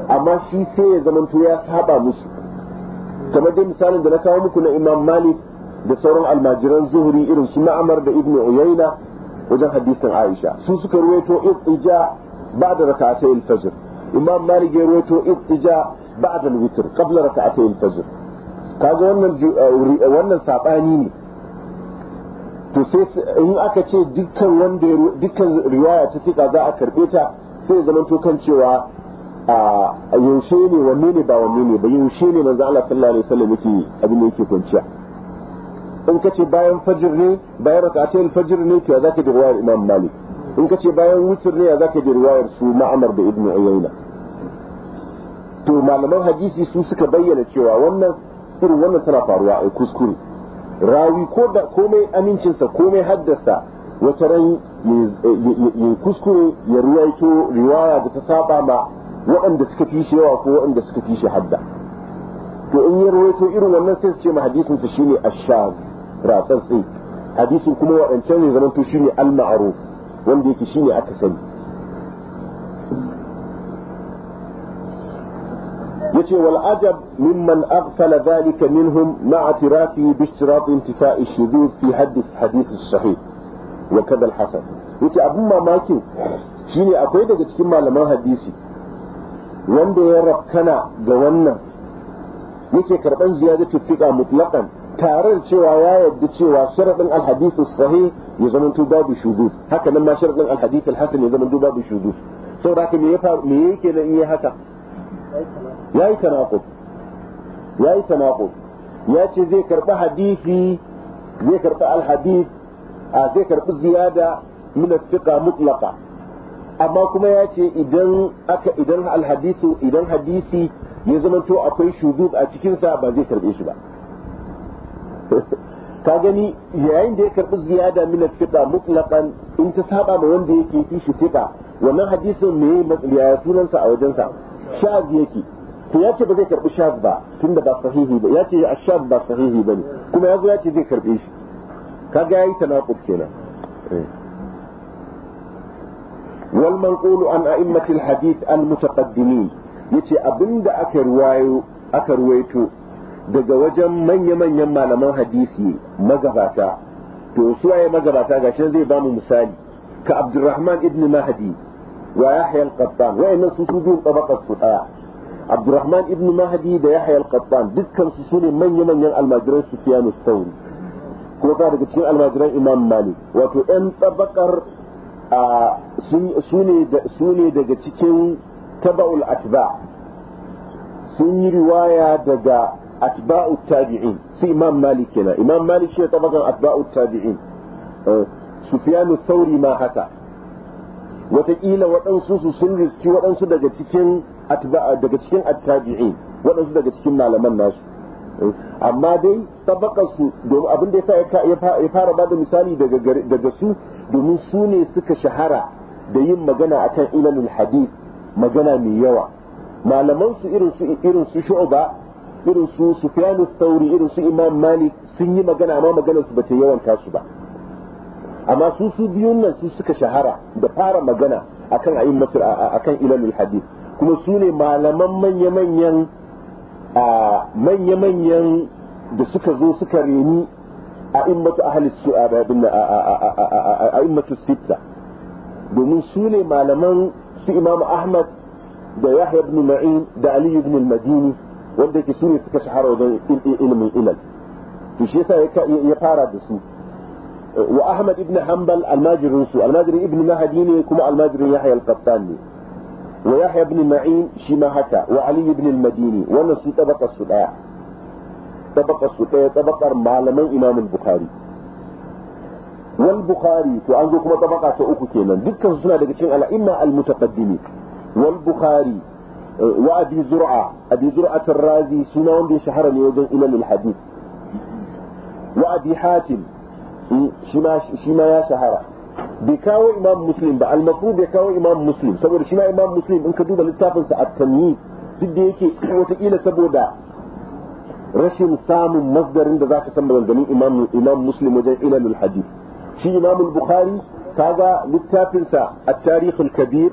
amma shi sai ya zamanto ya saba musu kamar dai misalin da na kawo muku na imam malik da sauran almajiran zuhuri irin su ma'amar da ibnu uyayna wajen hadisin aisha su suka ruwaito ibtija ba'da rak'atay fajr imam malik ya ruwaito ibtija ba'da al-witr qabla rak'atay fajr kaga wannan uh, wannan sabani ne to sai in aka ce dukkan wanda dukkan riwaya ta tika za a karbe ta sai zama to kan cewa a yaushe ne wanne ne ba wanne ne ba yaushe ne manzo Allah sallallahu alaihi wasallam yake abin da yake kwanciya in ka ce bayan fajr ne bayan rak'atayn fajr ne to zaka ji riwayar Imam Malik in ka ce bayan witr ne zaka ji riwayar su Ma'mar da Ibn Uyayna to malaman hadisi su suka bayyana cewa wannan irin wannan tana faruwa a kuskure rawi ko da komai amincinsa komai haddasa wata ran ya kuskure ya ruwaito riwaya da ta saba ma waɗanda suka fi shi yawa ko waɗanda suka fi shi hadda to in ya ruwaito irin wannan sai su ce ma hadisin sa shine ashab ratsatsi hadisin kuma waɗancan ne zamanto shine al-ma'ruf wanda yake shine aka sani yace wal ajab mimman aghfala dhalika minhum ma'a tirafi bi ishtirat intifa'i ash-shudud fi hadith hadith as-sahih wa kadha al-hasan yace abun mamakin shine akwai daga cikin malaman hadisi wanda ya rabkana ga wannan yake karban ziyadatu fiqa mutlaqan tare da cewa ya yarda cewa sharadin al-hadith as-sahih ya zama babu shudud haka nan ma sharadin al-hadith al-hasan ya zama babu shudud saboda haka me ya me yake nan iya haka yayi tanaqub yayi ya ce zai karba hadisi zai karba al a zai ziyada min al-thiqa amma kuma ya ce idan aka idan al idan hadisi ya zamanto akwai shudud a cikinsa ba zai karbe shi ba *laughs* ka gani yayin da ya karbi ziyada min al-thiqa mutlaqan in ta saba ma wanda yake fi shi thiqa wannan hadisin me ya sunansa a wajensa shaz yake to ya ce ba zai karbi shaf ba tunda ba sahihi ba ya ce ashab ba sahihi ba ne kuma ya zo ya ce zai karbe shi kaga yayi tanaqub kenan eh. wal manqulu an a'immatil hadith al mutaqaddimin yace abinda aka ruwayo aka ruwaito daga wajen manya-manyan malaman hadisi magabata to su waye magabata gashi zai bamu misali ka abdurrahman ibn mahdi wa yahya al-qattan wa'annan su su biyun tabaqar su daya abdurrahman ibn mahdi da yahya al-qattan dukkan su sune manyan manyan almajiran sufyan al-thawri kuma ka daga cikin almajiran imam malik wato ɗan tabakar su ne daga cikin taba'ul atba sun yi riwaya daga atba'u tabi'in su imam malik kenan imam malik shi tabakan atba'u tabi'in eh, sufyanu sauri ma haka wataƙila waɗansu su sun riski waɗansu daga cikin atba daga cikin attabi'in waɗansu daga cikin malaman nasu amma dai sabakar su domin abin da yasa ya fara bada misali daga su domin su ne suka shahara da yin magana akan ilalul hadith magana mai yawa malaman su irin su irin su shu'ba irin su sufyan thauri irin su imam malik sun yi magana amma maganar su bata yawan tasu ba amma su su biyun nan su suka shahara da fara magana akan ayin akan ilalul hadith kuma su ne malaman manya-manyan manya-manyan da suka zo suka reni a immatu ahalis su a immatu sitta domin su ne malaman su imamu ahmad da yahya ibn ma'in da ali ibn madini wanda yake su ne suka shahara wajen ilimin ilal to shi yasa ya fara da su wa ahmad ibn hanbal almajirin su almajirin ibn mahadi ne kuma almajirin yahya al-qattan ne ويحيى بن معين شما هكا وعلي بن المديني ونسي طبق السداء طبق السداء طبق المعلمين إمام البخاري والبخاري تعنجو كما طبقة تأوكو كينا دكا سنة دكتين على إما المتقدمين والبخاري آه، وأبي زرعة أبي زرعة الرازي سنة وندي شهر اليوجن إلى الحديث وأبي حاتم إيه، شما, شما يا شهره bai kawo imam muslim ba al bai kawo imam muslim saboda shi ma imam muslim in ka duba littafin sa at-tamyiz duk da yake watakila saboda rashin samun masdarin da zaka san maganganun imam imam muslim wajen ilal hadith shi imam al-bukhari kaga littafin sa at-tarikh al-kabir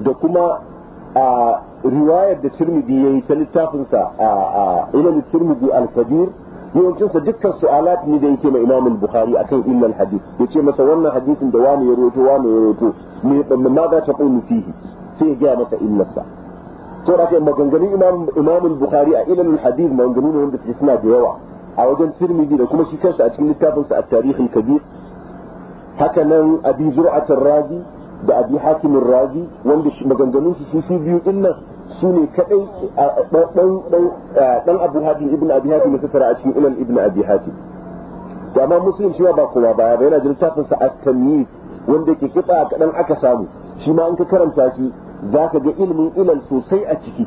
da kuma a riwayar da tirmidhi yayi ta littafin sa a ilal tirmidhi al-kabir yawancin sa dukkan su'alat ne da yake ma Imam bukhari akan illan hadith yace masa wannan hadisin da wani ya rawaito wani ya rawaito me dan ma da ta qulu fihi sai ya ga masa illarsa to da kai maganganun Imam Imam bukhari a illal hadith maganganun ne wanda suna da yawa a wajen Tirmidhi da kuma shi kansa a cikin littafin sa at-Tarikh al-Kabir haka nan Abi Zur'at ar-Razi da Abi Hakim ar-Razi wanda maganganun su su biyu din nan su ne kaɗai ɗan abu hatim ibn abi hatim ya tattara a cikin ilal ibn abi hatim to amma muslim shi ba kowa baya ba yana da littafin sa at wanda ke kifa kaɗan aka samu shi ma an ka karanta shi zaka ga ilimin ilal sosai a ciki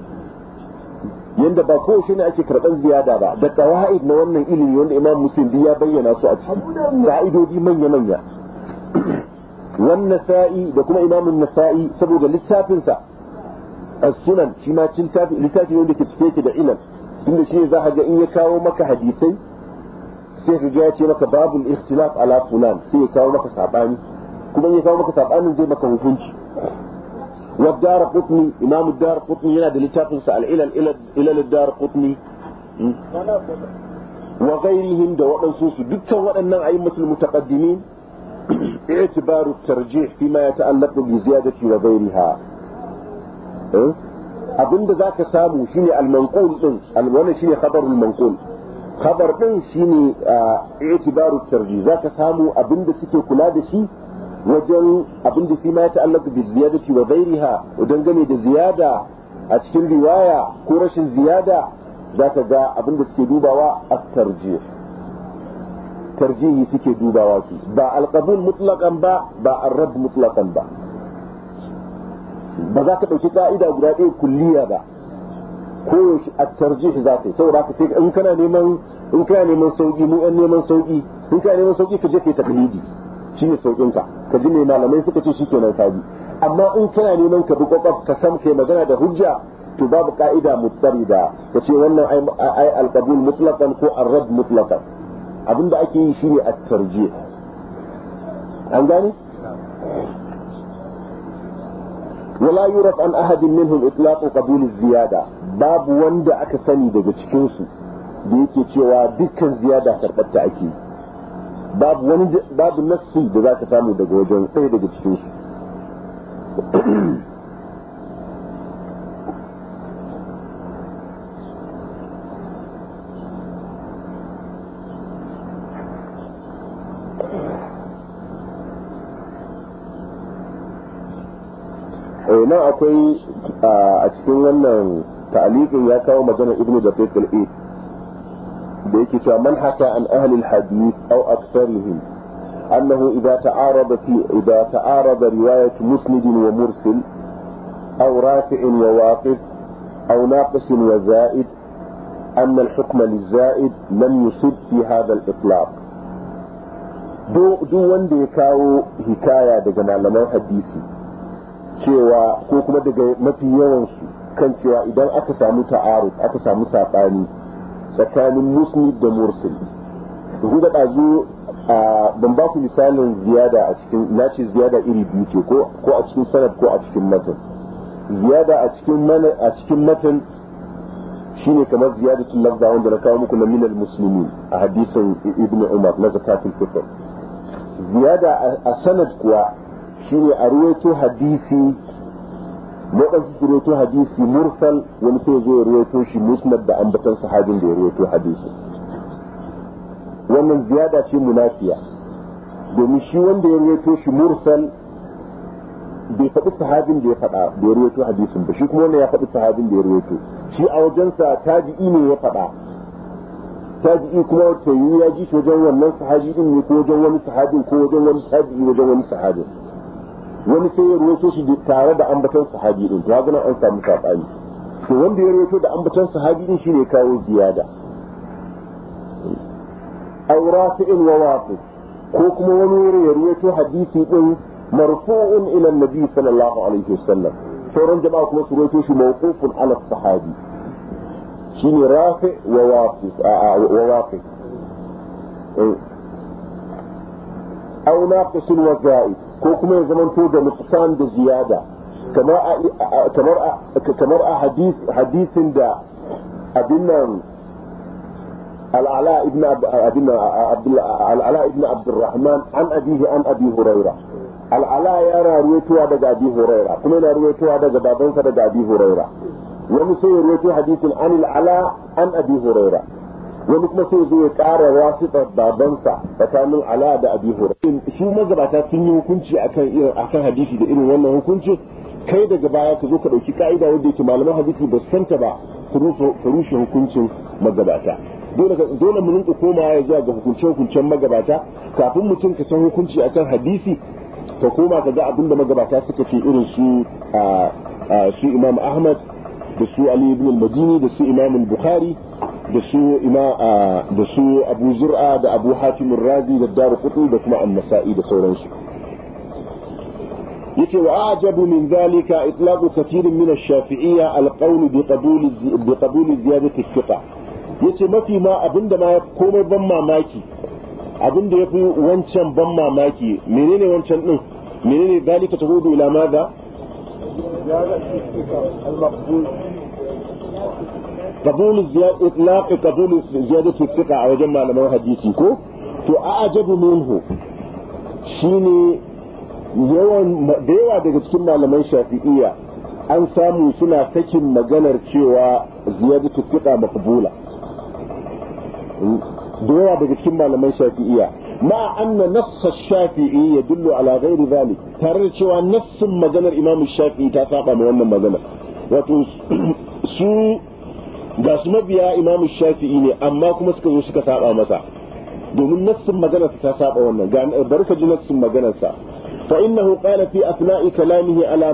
yanda ba ko shi ne ake karɓar ziyada ba da qawaid na wannan ilimi wanda imam muslim ya bayyana su a ciki ka'idodi manya manya *clears throat* wannan sa'i da kuma imamun nasa'i saboda littafinsa السنن فيما تلتاف لتاتي يقول لك تفيت إن شيء ذا حاجة إن يكاو مك حديثي شيخ جاتي مك باب الاختلاف على فلان شيء يكاو مك صعباني كما يكاو مك صعباني زي مك وفنش والدار قطني إمام الدار قطني ينادي لتاتنسى إلى إلى إلى الدار قطني وغيرهم دواء نصوص دكا وأن أئمة المتقدمين *clears throat* اعتبار الترجيح فيما يتعلق بزيادة وغيرها Eh? abinda za ka samu shine al-manqul din wannan shine khabarul manqul khabar din shine i'tibaru tarji za ka samu abinda suke kula da shi wajen abinda shi ma ya ta'allaka bi ziyadati wa ghairiha dangane da ziyada a cikin riwaya ko rashin ziyada za ka ga abinda suke dubawa a tarji tarjihi suke dubawa su ba al-qabul mutlaqan ba ba ar mutlaqan ba ba za ka ɗauki ka'ida guda ɗaya kulliya ba ko a tarjih za ka yi saboda ka sai in kana neman in kana neman sauki mu ɗan neman sauki in kana neman sauki ka je kai taklidi shine saukin ka ka ji mai malamai suka ce shikenan ka bi amma in kana neman ka bi kwakwaf ka san kai magana da hujja to babu ka'ida mutarida ka ce wannan ai alqabul mutlaqan ko arrad mutlaqan abinda ake yi shine at-tarjih an gani. wala yi rabban ahadin manhaja na qabila ziyara babu wanda aka sani daga cikinsu da yake cewa dukkan ziyada da ta ɓata ake babu na da zaka samu daga wajen tsaye daga cikinsu. nan akwai a cikin wannan ta'aliqin ya kawo magana ibnu da fiqh al-eid da yake cewa man haka an ahli al-hadith aw aktharihim annahu idha ta'arada fi idha ta'arada riwayat musnid wa mursil aw rafi' wa waqif aw naqis wa za'id أن الحكم للزائد لم يصب في هذا الإطلاق دو, دو وندي كاو حكاية دجمال لما حديثي cewa ko kuma daga mafi yawansu kan cewa idan aka samu ta'aruf aka samu saɓani tsakanin musni da mursil ku da ɗazu a ban ba ku misalin ziyada a cikin na ce ziyada iri biyu ce ko a cikin sanad ko a cikin matan ziyada a cikin a cikin matan shine kamar ziyadatul lafza wanda na kawo muku na minal muslimin a hadisin ibnu umar na zakatul fitr ziyada a sanad kuwa Shi ne a ruwaito hadisi lokacin su ruwaito hadisi mursal wani sai zai ya ruwaito shi musnad da ambatan sahabin da ya ruwaito hadisi wannan ziyada ce munafiya domin shi wanda ya ruwaito shi mursal bai faɗi sahabin da ya faɗa da ya ruwaito hadisi. ba shi kuma wanda ya faɗi sahabin da ya ruwaito shi a wajensa tabi'i ne ya faɗa tabi'i kuma wata yi ya ji shi wajen wannan sahabi ne ko wajen wani sahabin ko wajen wani tabi'i wajen wani sahabin wani sai ya ruwaito shi tare da ambaton sahabi din to haka an samu sabani to wanda ya ruwaito da ambaton sahabi din shine kawo ziyada aw rafi'in wa wafi ko kuma wani wuri ya ruwaito hadisi din marfu'un ila annabi sallallahu alaihi wasallam sauran jama'a kuma su ruwaito shi mawqufun ala sahabi shine rafi' wa wafi wa wafi eh. أو ناقص وزائد كوكما زمن توجه نقصان بزيادة كما كما حديث حديث دا ابن العلاء ابن أبنا عبد العلاء ابن عبد الرحمن عن أبيه عن أبي هريرة العلاء يرى رويتها هذا أبي هريرة كما يرى رويتها هذا بابنك دقى أبي هريرة ومسير رويتها حديث عن العلاء عن أبي هريرة wani kuma sai zai ƙara wasitar babansa tsakanin ala da abi hura shi mazabata sun yi hukunci akan irin akan hadisi da irin wannan hukunci kai daga baya ka zo ka dauki ka'ida wanda yake malaman hadisi ba santa ba ka rushe hukuncin mazabata dole mu rinka komawa ya zuwa ga hukunce hukuncen magabata kafin mutum ka san hukunci akan hadisi ka koma ka ga abin da magabata suka ce irin su su imam ahmad دسو علي بن المديني دسو امام البخاري دسو اما دسو ابو زرعة دا ابو حاتم الرازي دا دار قطني دا كما النسائي دا سورانسي يتي واعجب من ذلك اطلاق كثير من الشافعية القول بقبول بقبول زيادة الثقة يتي ما في ما ابن دا ما يكون بما ماكي ابن دا يكون وانشان بما ماكي منين وانشان منين ذلك تعود الى ماذا؟ قبول زيادة إطلاق قبول زيادة الثقة على جمع لما حديثي كو تو أعجب منه شيني yawan da yawa daga cikin malaman shafi'iyya an samu suna sakin maganar cewa ziyadatu fiqa maqbula da yawa daga cikin malaman مع أن نص الشافعي يدل على غير ذلك ترى شوى نص مجنى الإمام الشافعي تتابع مولنا مجنى وتسو ga su mabiya imamu shafi'i ne amma kuma suka zo suka saba masa domin nassin maganarsa ta saba wannan ga bari ka ji nassin maganar sa fa innahu qala fi asna'i kalamihi ala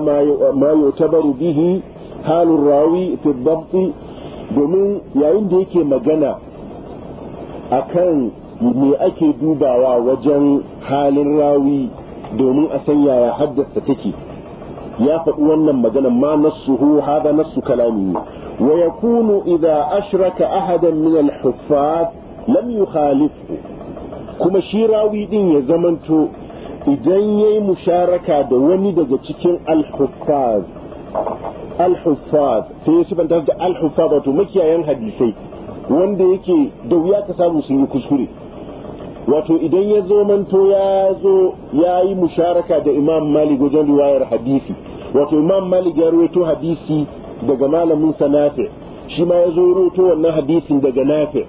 ma yutabaru bihi halur rawi fi dabt domin yayin da yake magana akan me ake dubawa wajen halin rawi domin a san yaya haddasa take ya faɗi wannan maganan ma nassuhu hada nassu kalami wa yakunu idza ashraka ahadan min al-huffaz lam yukhalifu kuma shi rawi din ya zamanto idan yayi musharaka da wani daga cikin al-huffaz al-huffaz sai ya sifanta da al-huffaz wato makiyayan hadisai wanda yake da wuya ka samu sun yi kuskure wato idan ya zo manto ya zo ya yi musharaka da imam malik wajen riwayar hadisi wato imam malik ya rawaito hadisi daga malamin sa nafi shi ma ya zo rawaito wannan hadisin daga nafi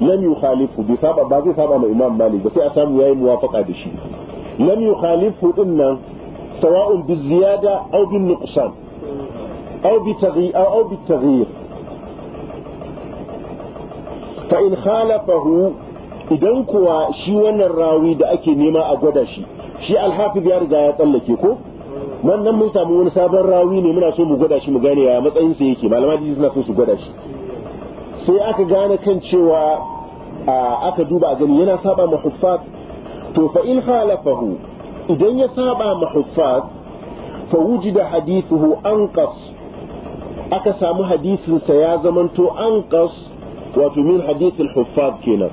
lam yukhalifu bi saba ba zai saba ma imam malik ba sai a samu yayi muwafaqa da shi lam yukhalifu din nan sawa'un bi ziyada aw bi nuqsan aw bi taghyir aw bi taghyir fa in khalafahu idan kuwa shi wannan rawi da ake nema a gwada shi shi alhafiz ya riga ya tsallake ko wannan mun samu wani sabon rawi ne muna so mu gwada shi mu gane ya matsayin sa yake malama da suna so su gwada shi sai aka gane kan cewa aka duba a gani yana saba ma huffaz to fa in khalafahu idan ya saba ma huffaz fa wujida hadithuhu anqas aka samu hadisin sa ya zamanto anqas wato min hadithul huffaz kenan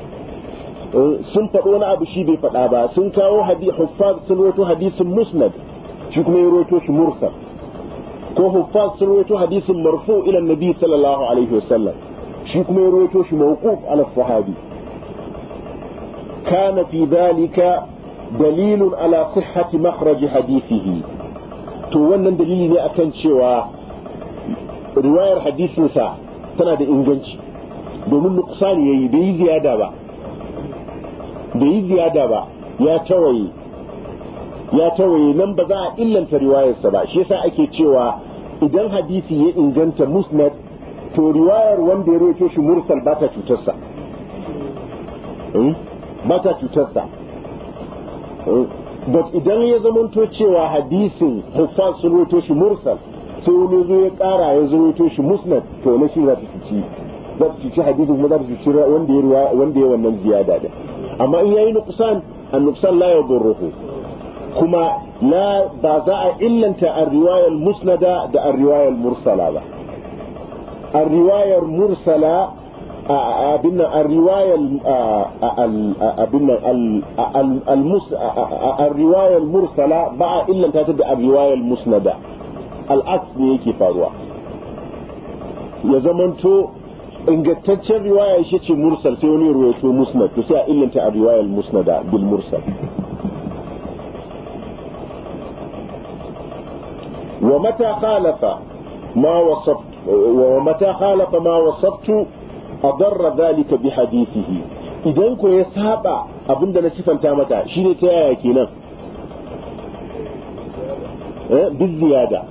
Eh, sun faɗo wani abu shi bai faɗa ba sun kawo hadith sun roto hadisin musnad shi kuma ya roto shi mursal ko huffaz sun roto hadisin marfu ila nabi sallallahu alaihi wasallam shi kuma ya roto shi mawquf ala sahabi kana fi dhalika dalilun ala sihhati makhraj hadithihi to wannan dalili ne akan cewa riwayar hadisinsa tana da inganci domin nuqsani yayi bai yi ziyada ba bai yi ziyada ba ya tawaye ya tawaye nan ba za a illanta riwayarsa ba shi yasa ake cewa idan hadisi ya inganta musnad to riwayar wanda ya roke shi mursal ba ta cutarsa eh? ba ta cutarsa eh? but idan ya zamanto cewa hadisin huffaz sun roto shi mursal sai wani zo ya kara ya zo roto shi musnad to na shi za ta cuci za ta cuci hadisin kuma za ta cuci wanda ya wannan ziyada da amma in yayi nuqsan an-nuqsan la yadurruhu kuma la ba za a illanta ar-riwaya al-musnada da ar-riwaya al-mursala ba ar-riwaya al-mursala abin ar-riwaya abin ar-riwaya al-mursala ba a illanta ta da ar-riwaya al-musnada al-asli yake faruwa ya zamanto ingantaccen riwaya shi ce mursal sai wani ruwaito musnad to sai a illanta a riwayar musnada bil mursal wa mata khalafa ma wasaftu wa mata khalafa ma wasaftu adarra dhalika bi hadithihi idan ko ya saba abinda na sifanta mata shine ta yaya kenan eh bil ziyada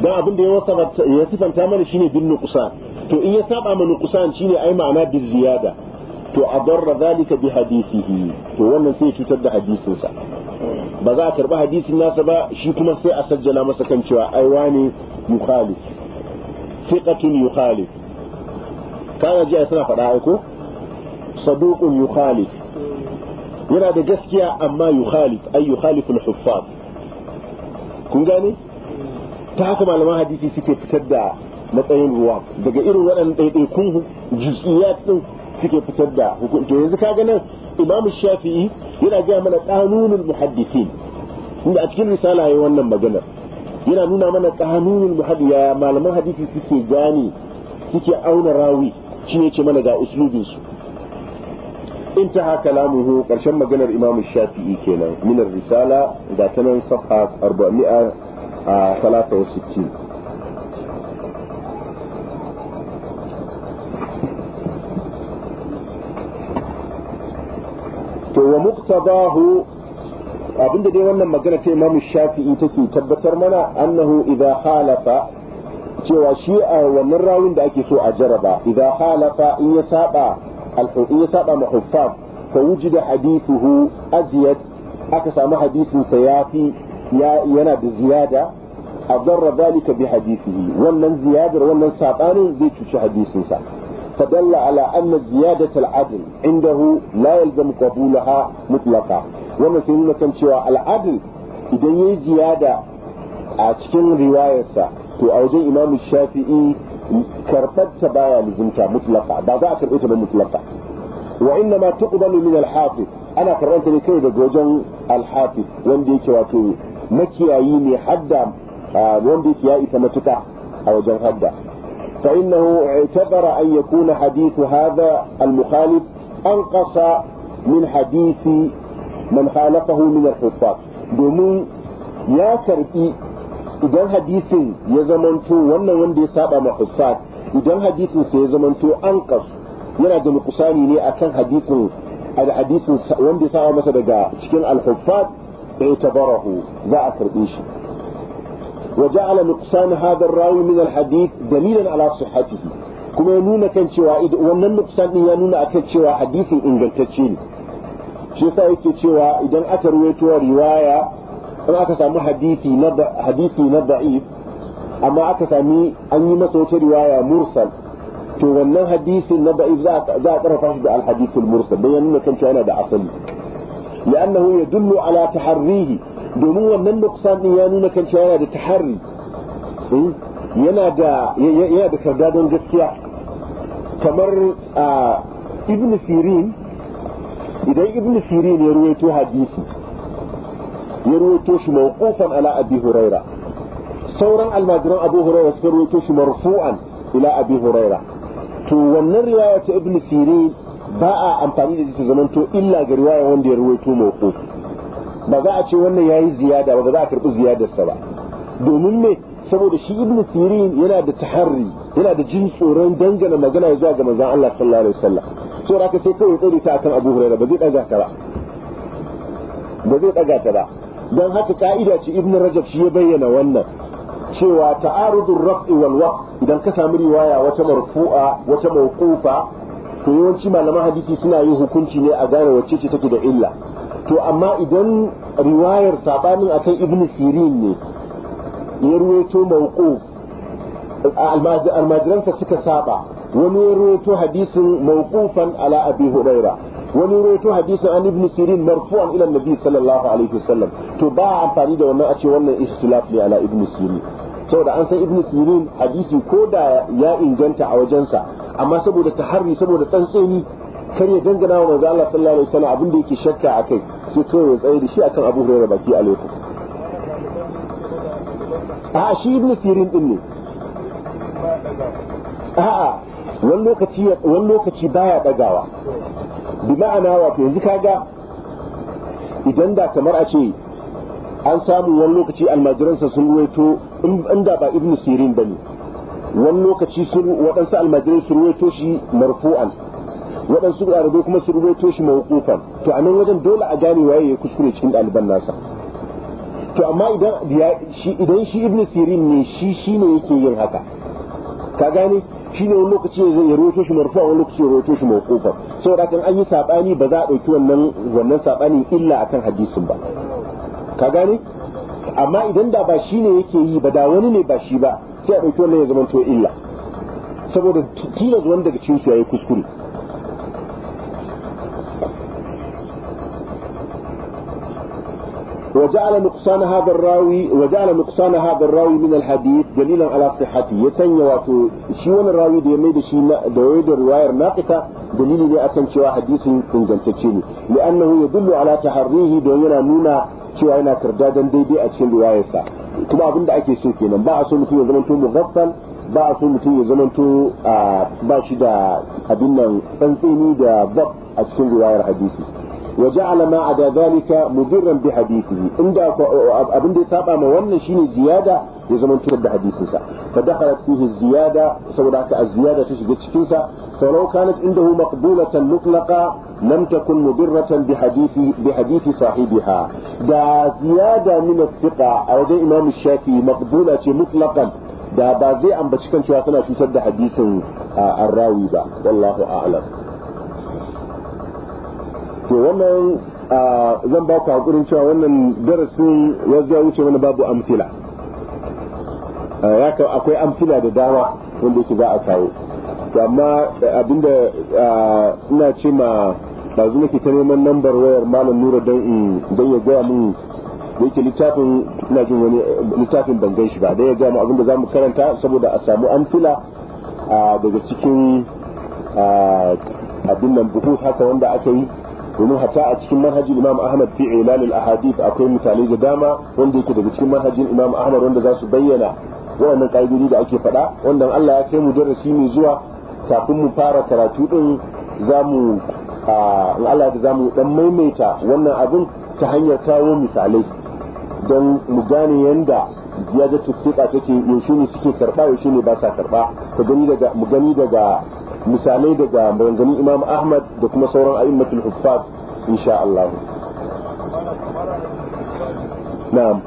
dan abinda ya wasafta ya sifanta mana shine bin nuqsan to in ya saba ma nuqsan shine ai ma'ana bil ziyada to adarra zalika bi hadisihi to wannan sai cutar da hadisin sa ba za a karba hadisin nasa ba shi kuma sai a sajjala masa kan cewa ai wani mukhalif thiqatun yukhalif kana ji ai suna faɗa ai ko saduqun yukhalif yana da gaskiya amma yukhalif ai yukhalif al-huffaz kun gane ta haka malaman hadisi suke fitar da matsayin ruwa daga irin waɗannan ɗaiɗaikun jisiyat ɗin suke fitar da hukunci yanzu ka ganin imamu shafi'i yana gaya mana ƙanunin muhaddisin inda a cikin risala ya wannan magana yana nuna mana ƙanunin muhaddisi ya malaman hadisi suke gane suke auna rawi shi ne ce mana ga uslubinsu انتهى كلامه قرشم مجنى الإمام الشافعي كنا من الرسالة ذات a 463 to wa muqtadahu abinda dai wannan magana ta imamu shafi'i take tabbatar mana annahu idza halafa cewa shi a wannan rawin da ake so a jaraba idza halafa in ya saba in ya saba mahuffaz fa wujida hadithuhu aziyat aka samu hadisin sa yafi yana da ziyada adarra dalika bi hadithihi wannan ziyadar wannan sabanin zai cuci hadisin sa فدل على أن زيادة العدل عنده لا يلزم قبولها مطلقا ومثل ما كان شوى العدل إذا هي زيادة أتكين آه، رواية توأوجي إمام الشافعي كربت تبايا لزمتا مطلقا بعضها كربت مطلقا وإنما تقبل من الحافظ أنا قرأت لكي بجوجن الحافظ وندي مكي مكيايي حدا آه، وندي كيائي فمتكا أو حدا فإنه اعتبر أن يكون حديث هذا المخالف أنقص من حديث من خالفه من الحفاظ دومين يا كربي إذا حديث تو وانا وندي سابع محفاظ إذا حديث تو أنقص يرى دمقصاني ني أكن حديث الحديث وانا سابع مثلا شكين الحفاظ اعتبره ذا أكربيشي وجعل نقصان هذا الراوي من الحديث دليلا على صحته كما ينون كان شوائد ومن النقصان ينون أكد شواء حديث إن قلت تشين شو سايك شواء إذا أكر ويتوى رواية أنا أكس أمو حديثي نضع حديثي نضع إيف أما أكس أمي أني ما سويت رواية مرسل تو ومن حديث نضع إيف ذات رفعش بأل حديث المرسل بيان ما كان شوائد أصلي لأنه يدل على تحريه domin wannan nuksan din ya nuna kan cewa yana da taharri eh, yana da yana da kardadon gaskiya kamar a ibn sirin idan ibn sirin ya ruwaito hadisi ya ruwaito shi mawqufan ala abi huraira sauran almajiran abu huraira suka ruwaito shi marfu'an ila abi huraira to wannan riwaya ta ibn sirin ba a amfani da ita zamanto illa ga riwaya wanda ya ruwaito mawquf ba za a ce wannan yayi ziyada ba za a karbi ziyadarsa ba domin me saboda shi ibnu sirin yana da taharri yana da jin tsoron dangana magana zuwa ga manzon Allah sallallahu alaihi wasallam to raka sai kawai tsare ta akan Abu Hurairah ba zai daga ta ba ba zai daga ta ba dan haka ka'ida ce ibnu Rajab shi ya bayyana wannan cewa ta'arudur raf'i wal waqf idan ka samu riwaya wata marfu'a wata mawqufa to yawanci malaman hadisi suna yin hukunci ne a gane wacce ce take da illa to amma idan riwayar a akan ibn sirin ne ya ruwaito mawquf almajiransa suka saba wani ya ruwaito hadisin mawqufan ala abi hudaira wani ruwaito hadisin an ibn sirin marfu'an ila nabi sallallahu alaihi wasallam to ba amfani da wannan a ce wannan ikhtilaf ne ala ibn sirin saboda an san ibn sirin hadisi ko da ya inganta a wajensa amma saboda taharri saboda tsantseni kar ya dangana wa manzo Allah sallallahu alaihi wasallam abin da yake shakka akai sai to ya tsaye da shi akan Abu Hurairah baki a lokacin a shi ibn Sirin din ne a'a wani lokaci wani lokaci baya dagawa bi ma'ana to yanzu kaga idan da kamar a ce an samu wani lokaci almajiransa sun ruwaito inda ba ibn Sirin bane wani lokaci sun waɗansu almajirai sun ruwaito shi marfu'an waɗansu ɗalibai kuma su rubuto shi mawqufan to a nan wajen dole a gane waye ya kuskure cikin ɗaliban nasa to amma idan shi ibn sirin ne shi shi ne yake yin haka ka gane shi ne wani lokaci ya zai roto shi marfu wani lokaci ya roto shi sau saboda kan an yi saɓani ba za a ɗauki wannan wannan sabanin illa akan hadisin ba ka gane amma idan da ba shi ne yake yi ba da wani ne ba shi ba sai a ɗauki wannan ya zama to illa saboda tilas wanda daga cikin su yi kuskure وجعل نقصان هذا الراوي وجعل نقصان هذا الراوي من الحديث دليلا على صحته يسني وفي شيون الراوي دي ميد شي ما دويد الرواير ناقصة دليل دي أتن شو حديث كن جنت لأنه يدل على تحريه دويلا نونا شو أنا كرجال دي دي أتشين رواية سا كما أبدا أكي سوكينا بعثوا في ظلم تو مغفل بعثوا في ظلم تو آه، باشدا أبنا فنسيني دا ضب أتشين رواية حديثي وجعل ما عدا ذلك مضرا بحديثه عند ابن دي سابا ما ون شيني زيادة يزمن ترد بحديثه فدخلت فيه الزيادة سوداك الزيادة تشجد شكيسا فلو كانت عنده مقبولة مطلقة لم تكن مضرة بحديث بحديث صاحبها دا زيادة من الثقة او دا امام الشافعي مقبولة مطلقا دا بازي ام بشكن شواتنا شو سد حديث آه، الراوي دا والله اعلم to wannan zan ba ku hakurin cewa wannan darasin ya wuce mana babu amfila ya akwai amfila da dama wanda yake za a kawo to amma abinda ina ce ma ɗazu nake ta neman lambar wayar malam nura don in don ya gaya mun da yake littafin ina jin wani littafin ban gan shi ba dai ya gaya mu abinda za mu karanta saboda a samu amfila daga cikin abin nan buhu haka wanda aka yi domin hatta a cikin manhajin imam ahmad fi ilal al ahadith akwai misalai da dama wanda yake daga cikin manhajin imam ahmad wanda za su bayyana waɗannan ƙa'idodi da ake faɗa wanda Allah ya kai mu darasi mai zuwa kafin mu fara karatu din za mu in Allah ya za mu dan maimaita wannan abin ta hanyar kawo misalai don mu gane yanda ya ga tuttuka take yaushe ne suke karɓa yaushe ne ba sa karɓa mu gani daga misalai daga maganganun imam ahmad da kuma sauran a'immatul huffaz insha Allah na'am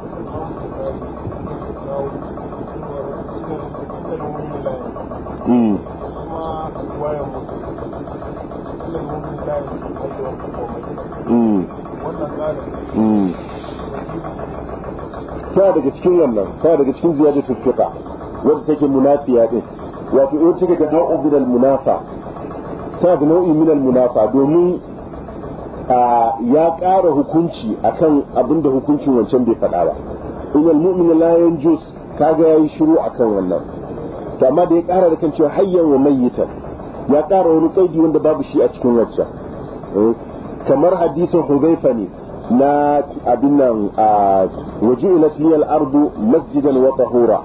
mm ta daga cikin wannan ta daga cikin ziyarar tuttuka wadda take munafiya din wato yau cika da nau'in min al-munafa ta da nau'in min al-munafa domin ya ƙara hukunci akan abinda hukuncin wancan bai faɗa ba in al-mu'min la yanjus kaga yayi shiru akan wannan to amma da ya ƙara da kan cewa hayyan wa mayyitan ya ƙara wani kaidi wanda babu shi a cikin wacce eh, kamar hadisin hudayfa ne na abin nan a waje ila ardu masjidan wa tahura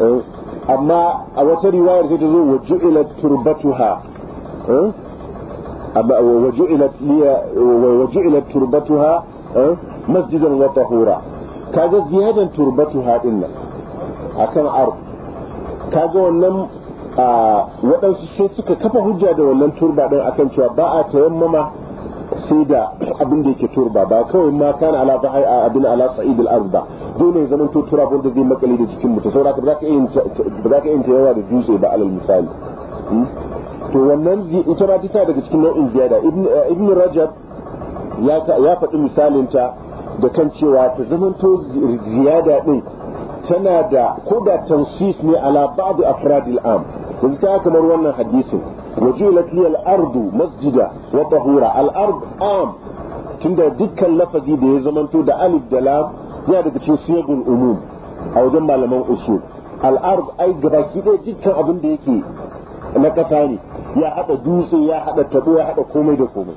eh, amma a wata riwayar sai ta zo wa ju'ilat turbatuha eh? amma wa ju'ilat liya wa ju'ilat turbatuha eh? masjidan wa tahura kaga ziyadan turbatuha din nan akan arf kaga wannan waɗansu sai suka kafa hujja da wannan turba din akan cewa ba a tayammama sai da abin da yake turba ba kawai ma kana ala ba a abin ala sa'id al-ard ba dole ya zama to turaba zai makale da jikin mutum saboda ba za ka yin ba za ka yawa da dutse ba alal misali hmm? to wannan ita ma ta daga cikin nau'in ziyada ibn eh, rajab ya faɗi misalin ta da kan cewa ta zama to ziyada din tana da ko da tansis ne ala ba'd afradil am yanzu ta kamar wannan hadisin وجيلت لي الأرض مسجدا وطهورا الأرض عام كندا دكا لفظي به زمن تودا ألي الدلام يعني كتير سيغ الأموم أو جمع لما أصول الأرض أي قباكي دي دكا أبن ديكي لك ثاني يا حدا دوسي يا حدا تبو يا حدا كومي دي كومي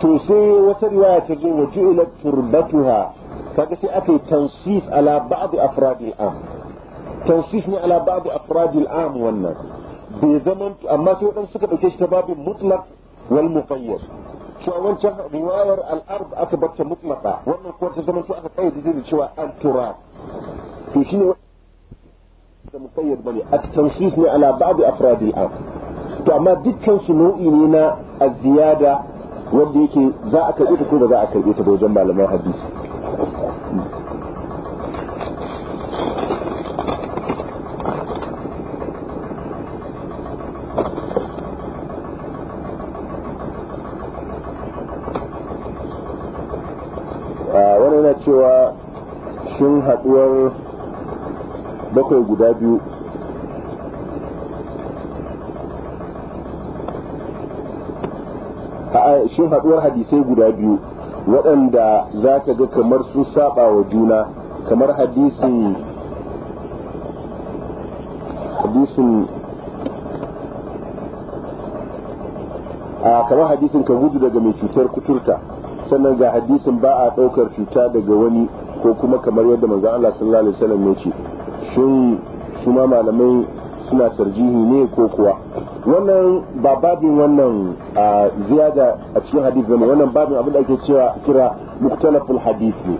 توسي وترواية تجي وجيلت تربتها فكسي أكي تنصيف على بعض أفراد الأم تنصيفني على بعض أفراد الأم والناس bai zaman amma sai waɗansu suka ɗauke shi ta babin mutlaq wal muqayyad cewa wancan riwayar al'ard aka barta mutlaqa wannan kuwa ta zaman aka kayyade da cewa an tura to shine da muqayyad bane at-tansis ne ala ba'd afrad al to amma dukkan su nau'i ne na az-ziyada wanda yake za a karɓe ta ko ba za a karɓe ta da wajen malaman hadisi yana cewa shin haɗuwar bakwai guda biyu shin haɗuwar hadisai guda biyu waɗanda za ka ga kamar sun saba wa juna kamar hadisin hadisin a kamar hadisin ka gudu daga mai cutar kuturta sannan ga hadisin ba a ɗaukar cuta daga wani ko kuma kamar yadda manzon Allah sallallahu alaihi wasallam ya ce shin su ma malamai suna tarjihi ne ko kuwa wannan ba babin wannan a ziyada a cikin hadith bane wannan babin abin da ake cewa kira muktalaful hadith ne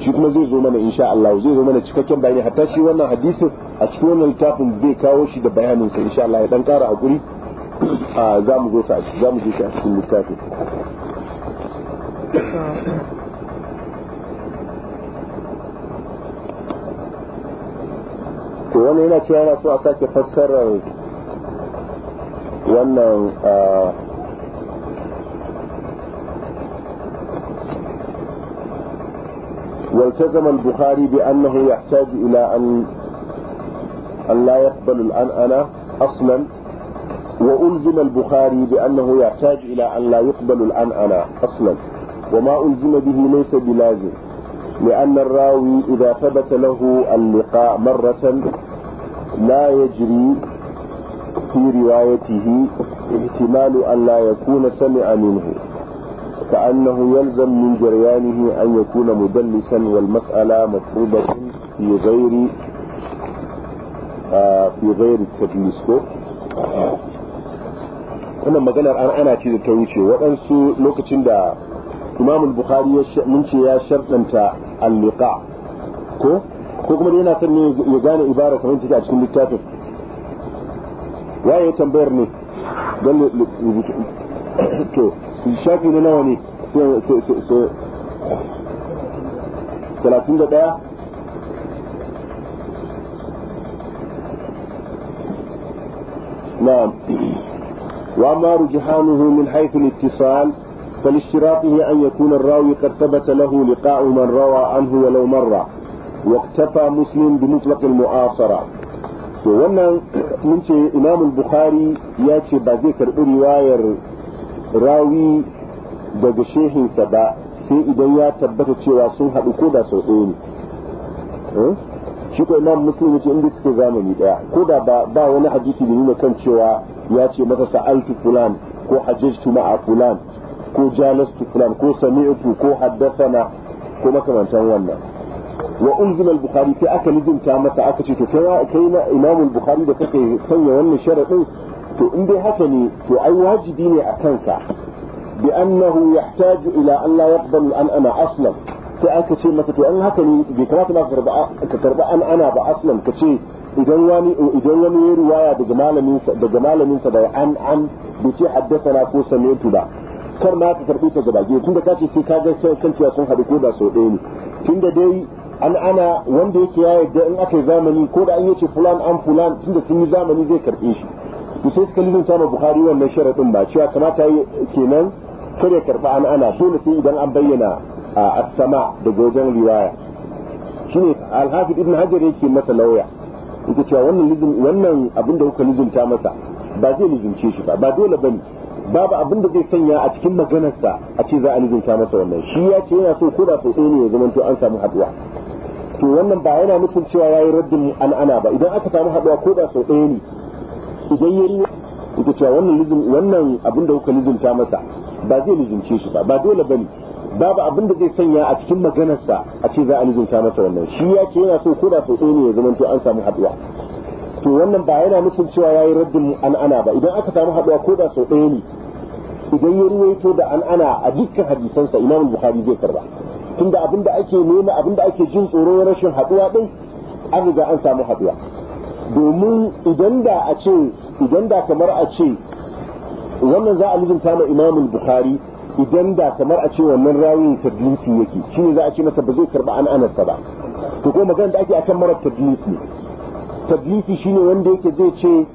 shi kuma zai zo mana insha Allah zai zo mana cikakken bayani hatta shi wannan hadisin a cikin wannan littafin zai kawo shi da bayanin sa insha Allah ya dan kara hakuri a zamu zo sa zamu je shi a cikin littafin to هنا yana cewa yana so a sake والتزم البخاري بأنه يحتاج إلى أن أن لا يقبل الان انا أصلا وألزم البخاري بأنه يحتاج إلى أن لا يقبل الان انا أصلا وما ألزم به ليس بلازم لأن الراوي إذا ثبت له اللقاء مرة لا يجري في روايته احتمال أن لا يكون سمع منه كأنه يلزم من جريانه أن يكون مدلسا والمسألة مفروضة في غير آه، في غير التدليس wannan maganar an ana ce da ta wuce waɗansu lokacin da imam al-bukhari mun ce ya shartanta al-liqa ko ko kuma yana son ne ya gane ibara kamar take a cikin littafin waye tambayar ne don to shafi na nawa ne talatin da ɗaya نعم وأما رجحانه من حيث الاتصال فلاشتراطه أن يكون الراوي قد ثبت له لقاء من روى عنه ولو مرة واكتفى مسلم بمطلق المعاصرة to wannan mun ce imamul bukhari ya ce ba zai karɓi riwayar rawi daga shehinsa ba sai idan ya tabbata cewa sun haɗu ko da sau ɗaya ne shi ko imam muslim yace inda suke zamani daya ko da ba wani hadisi da nuna kan cewa ya ce masa sa'altu fulan ko hajjajtu ma'a fulan ko jalastu fulan ko sami'tu ko haddathana ko makamantan wannan wa unzil al-bukhari sai aka nijinta masa aka ce to kai kai na imam al-bukhari da kake sanya wannan sharadin to in dai haka ne to ai wajibi ne a kanka bi annahu yahtaju ila an la yaqbal an ana aslam sai aka ce masa to an haka ne bai kamata ka karba an ana ba aslam ka ce idan wani idan wani ya riwaya daga malamin daga malamin sa da an an bai ce haddathana ko sami'tu ba kar ma ta karbi ta gabage tunda ka ce sai ka ga kan cewa sun haɗu ko da sau ɗaya ne tunda dai an ana wanda yake ya yadda in aka yi zamani ko da an ce fulan an fulan tunda sun yi zamani zai karbe shi to sai suka lizin sama bukhari wannan sharadin ba cewa kamata kenan kare karba an ana dole sai idan an bayyana a sama da gojen riwaya shine al-hafiz ibn hajar yake masa lauya yake cewa wannan wannan abin da kuka lizinta masa ba zai lizince shi ba ba dole bane babu abin da zai sanya a cikin maganarsa a ce za a ta masa wannan shi ya ce yana so ko da sosai ne ya zama to an samu haduwa to wannan ba yana nufin cewa yayi raddin al'ana ba idan aka samu haduwa ko da sosai ne idan yayi ita cewa wannan wannan abin da kuka lizinta masa ba zai lizince shi ba ba dole bane babu abin da zai sanya a cikin maganarsa a ce za a ta masa wannan shi ya ce yana so ko da sosai ne ya zama to an samu haduwa to wannan ba yana nufin cewa ya yi raddin an'ana ba idan aka samu haɗuwa ko da sau ɗaya ne idan ya ruwaito da an'ana a dukkan hadisansa imam bukhari zai karba tunda abinda ake nema abinda ake jin tsoron rashin haɗuwa ɗin an riga an samu haɗuwa. domin idan da a ce idan da kamar a ce wannan za a lizinta ma imam bukhari idan da kamar a ce wannan rawin tadlisi yake shi ne za a ce masa ba zai karba an'anarsa ba to ko magana da ake akan marar tadlisi shi ne wanda yake zai ce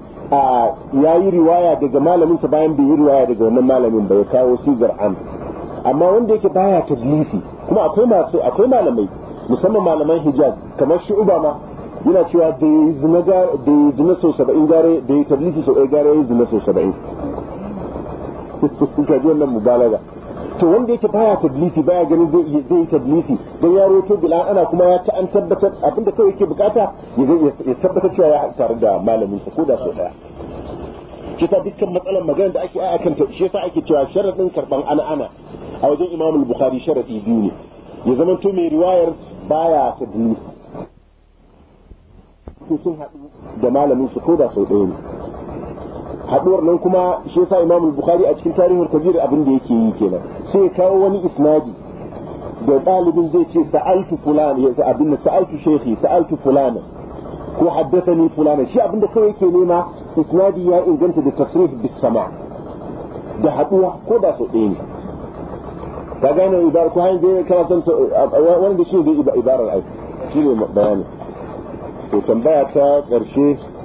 ya yi riwaya daga malaminsa bayan bai yi riwaya daga wannan malamin ba ya kawo sigar am amma wanda yake baya tablisi kuma akwai masu akwai malamai musamman malaman hijaz kamar shi ubama yana cewa da ya zina da zina sau saba'in gare da ya tablisi sau ɗaya gare ya zina sau saba'in *laughs* kaji wannan mubalaga to wanda yake baya tadlisi baya ganin zai zai tadlisi don ya roto bila ana kuma ya ta an tabbatar abinda kawai yake bukata ya tabbatar cewa ya tare da malamin sa ko da sau daya kita dukkan matsalar magana da ake akan ta shi yasa ake cewa sharadin karban ana ana a wajen imamul al-Bukhari sharadi biyu ne ya zama to mai riwayar baya tadlisi sun haɗu da malamin su ko da sau ɗaya ne haduwar nan kuma shi yasa Imam Bukhari a cikin tarihin kabir abin da yake yi kenan sai ya kawo wani isnadi da dalibin zai ce sa'altu fulan ya abin da sa'altu shehi sa'altu fulan ko haddathani fulan shi abin da kawai yake nema isnadi ya inganta da tasrif bis sama da haduwa ko da so ɗaya ne ka gane ibar ko hanje kana son wanda shi ne ibarar ai shi ne bayani to tambaya ta ƙarshe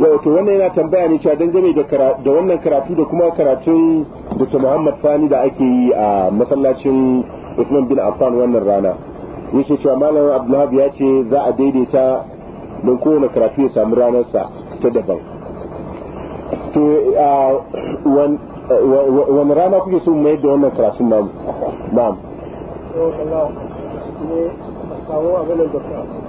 wato wannan yana tambaya ne cewa dangane da wannan karatu da kuma karatun ta Muhammad fani da ake yi a masallacin Usman bin Affan wannan rana yake cewa malamin Abdulhab ya ce za a daidaita don kowane karatu ya samu ranarsa ta daban to wani rana kuke so mai da wannan karatun namu na'am kawo abin da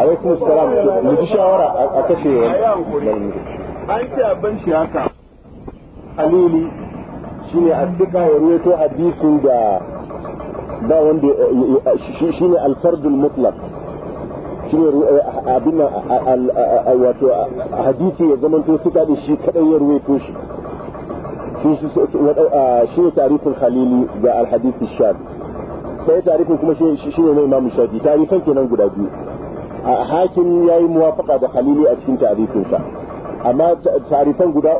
alaikum salam mu ji shawara a kashe wani an ce abin shi haka alili shine addika ya ruwaito hadisin da ba wanda shi ne alfardul mutlaq shine abin wato hadisi ya zamanto suka da shi kadai ya ruwaito shi shi ne tarifin khalili da alhadisi shabi sai tarifin kuma shi ne na imamu shafi tarifan kenan guda biyu hakin yayi muwafaka da khalili a cikin tarifinsa amma tarifan guda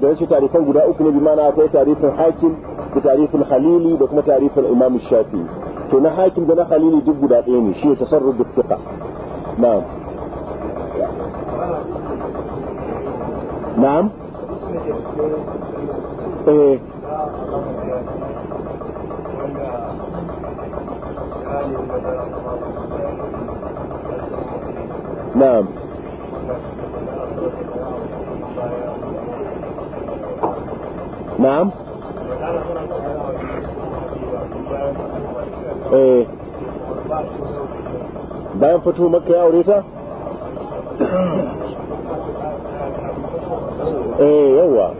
da wasu tarifan guda uku ne bi bimana akwai tarifin hakin da tarifin khalili da kuma tarifin imam shafi to na hakin da na khalili duk guda ɗaya ne shi ne tasarruf da fiqa na'am na'am eh Thank you. na'am na'am eh bayan fito maka ya aure ta eh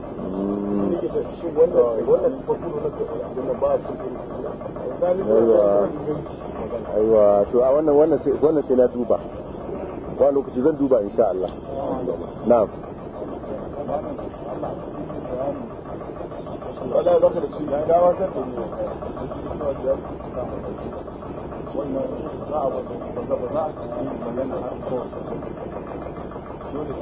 aiwa to a wannan wannan sai na duba wa lokaci zan duba insha Allah na'am wannan za a wata ba za a har idan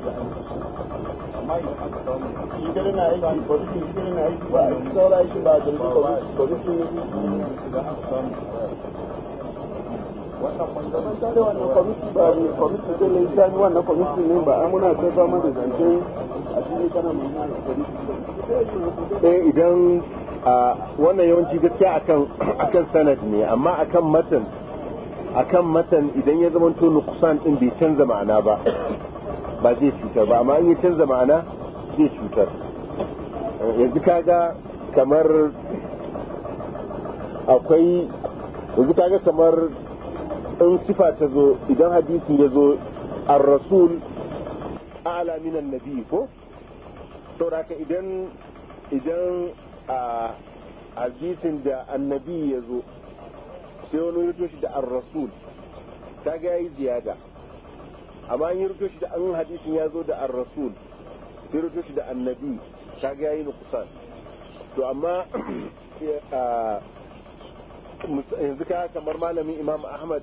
wannan yawanci gaskiya akan akan sanad ne amma akan matan matan idan ya zama to kusan din bai canza ma'ana ba ba zai cutar ba amma in canza ma'ana zai cutar yanzu kaga kamar akwai yanzu kaga kamar in sifa ta zo idan hadisi ya zo ar-rasul a'la min ko sauraka idan idan a hadisin da annabi ya zo sai wani rito shi da ar-rasul kaga yi ziyada amma an yi rubuto shi da an hadisin ya zo da ar-rasul sai rubuto shi da annabi kaga yayi nuqsan to amma *clears throat* yanzu ka kamar malamin imam ahmad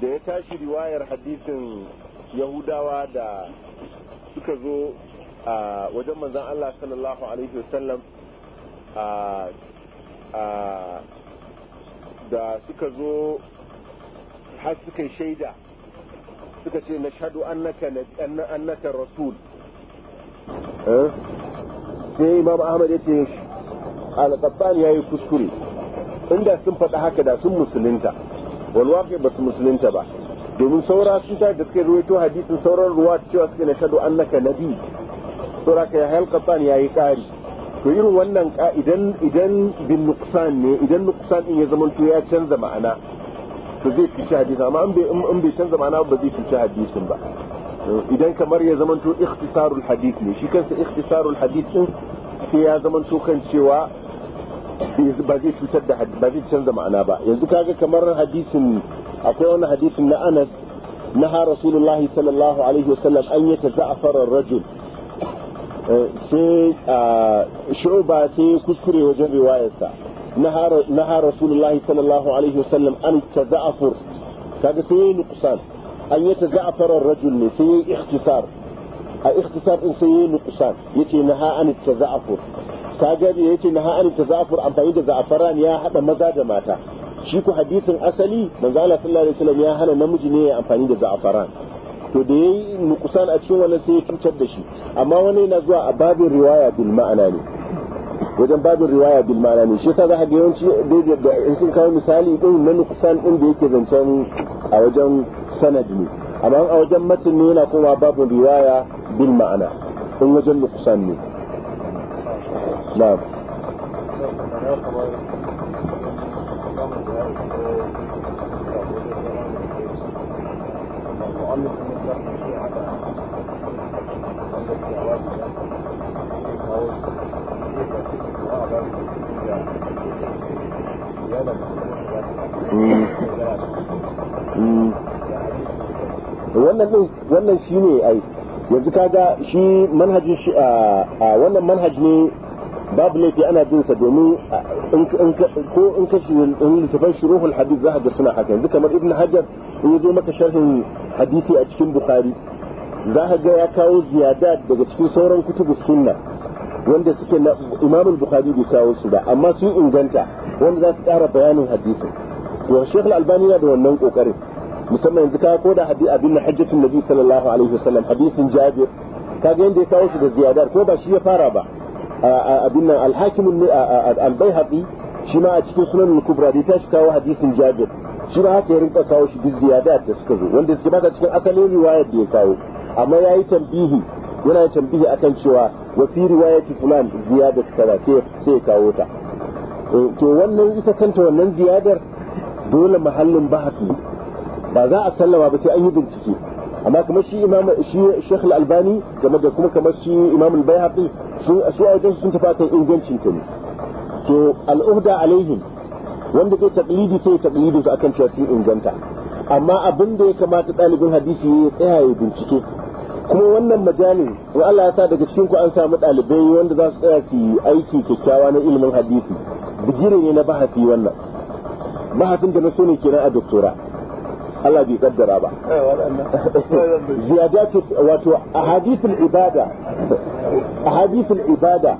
da ya tashi riwayar hadisin yahudawa da suka zo a wajen manzan allah sallallahu alaihi wasallam da suka zo har suka shaida suka ce nashhadu annaka annaka rasul eh? sai imam ahmad ya ce al ya yi kuskure inda sun faɗa haka da sun musulunta walwaƙi ba su musulunta ba domin saura sun ta da suka ruwaito hadisin sauran ruwa cewa suke na shaɗu annaka nabi saura ka yahya al ya yi ƙari to irin wannan idan idan bin nuqsan ne idan nuqsan in ya to ya canza ma'ana to zai cuci hadisin amma in bai canza ma'ana ba zai cuci hadisin ba idan kamar ya zamanto ikhtisarul hadith ne shi kansa ikhtisarul hadith din sai ya zamanto kan cewa ba zai cutar da ba zai canza ma'ana ba yanzu kaga kamar hadisin akwai wani hadisin na Anas na ha Rasulullahi sallallahu alaihi wasallam an yi taza'afara rajul eh, sai ah, shu'ba sai kuskure wajen riwayarsa نهار نهار رسول الله صلى الله عليه وسلم أن تزعفر هذا سيء نقصان أن يتزعفر الرجل سيء اختصار اختصار سيء نقصان يتي نهاء أن تزعفر كاجر يتي نهاء أن تزعفر أن فإذا زعفران يا حبا مزا جماتا شيكو حديث أسلي من قال صلى الله عليه وسلم يا هلا نمجني أن فإذا زعفران ودي نقصان أتشو ولا سيء تمتدشي أما وني نزوى أباب الرواية بالمعنى wajen babin riwaya bil malami shi yasa za yawanci da in sun kawo misali din na nuqsan din da yake zancen a wajen sanadi ne amma a wajen matan ne yana kuma babin riwaya bil ma'ana in wajen nuqsan ne na'am wannan shi ne ai yanzu kaga shi manhajin shi a wannan manhaj ne babu laifi ana jin sa domin ko in ka shi in littafin shuruhul hadith za ga suna haka yanzu kamar ibn hajar in zo maka sharhin hadisi a cikin bukhari za ka ga ya kawo ziyada daga cikin sauran kutubu sunna wanda suke na imamul bukhari bai kawo su ba amma su inganta wanda za su kara bayanin hadisi to shaykh albani yana da wannan kokarin musamman yanzu ka ko da hadisi abin na hajjatun nabi sallallahu alaihi wasallam hadisin jabir kaga yanda ya kawo shi da ziyadar ko ba shi ya fara ba abin nan alhakimin albayhaqi shi ma a cikin sunan al-kubra da ta shi kawo hadisin jabir shi ma haka ya rinka kawo shi duk ziyadat da suka zo wanda suke baka cikin asalin riwayar da ya kawo amma yayi tambihi yana tambihi akan cewa wa fi riwayati fulan ziyadat kaza sai sai kawo ta eh, to wannan ita kanta wannan ziyadar dole mahallin bahasi ba za a sallama ba sai an yi bincike amma kuma shi imam shi Sheikh Al-Albani game da kuma kamar shi Imam Al-Baihaqi su su ayyukan sun tafata ingancin ta ne to al-uhda alaihim wanda zai taqlidi sai taqlidi su akan cewa sun inganta amma abin da ya kamata ɗalibin hadisi ya tsaya ya bincike kuma wannan majalin in Allah ya sa daga cikin ku an samu ɗalibai wanda za su tsaya su yi aiki kyakkyawa na ilimin hadisi bigire ne na bahasi wannan bahasin da na so ne kenan a doktora Allah bai kaddara ba eh, *laughs* ziyadatu wato a ahadithul ibada A ahadithul ibada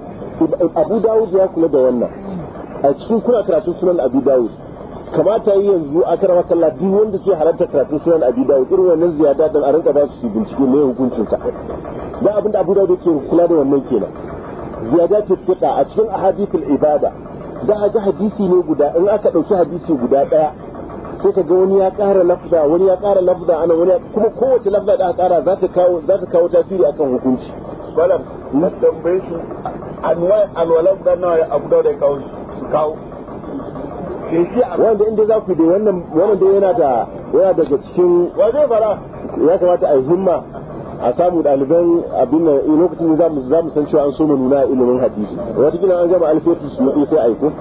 Abu Dawud ya kula da wannan a cikin kuna karatun sunan Abu Dawud kamata yi yanzu a karawa sallah duk wanda ke halarta karatun sunan Abu Dawud irin wannan ziyada dan a rinka ba su bincike ne hukuncin ta da abinda Abu Dawud ke kula da wannan kenan ziyadatu fiqa a cikin a ahadithul ibada Za a ga hadisi ne guda in aka ɗauki hadisi guda ɗaya. sai ka ga wani ya ƙara lafza wani ya ƙara lafza ana wani kuma kowace lafza da aka ƙara za ta kawo za ta kawo tasiri akan hukunci balan na tambaye shi anwai alwalan da nawa ya abu da kawo su kawo wanda inda za ku dai wannan wannan dai yana da yana daga cikin waje bara ya kamata a himma a samu ɗaliban abin nan lokacin da za mu san cewa an so mu nuna ilimin hadisi wata kila an gama alfiyatu su sai aiko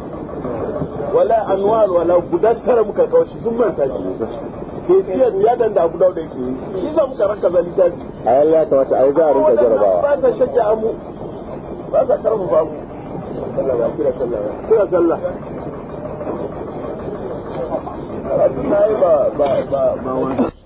wala anwar wala guda tara muka kawo shi sun manta shi ke tiyar ya dan da abu dauda yake yi shi za muka ranka za littafi a yalla ta wata ai za a rinka jarabawa ba ta shakka amu ba ta karmu ba mu sallah kira sallah kira sallah ba ba ba ba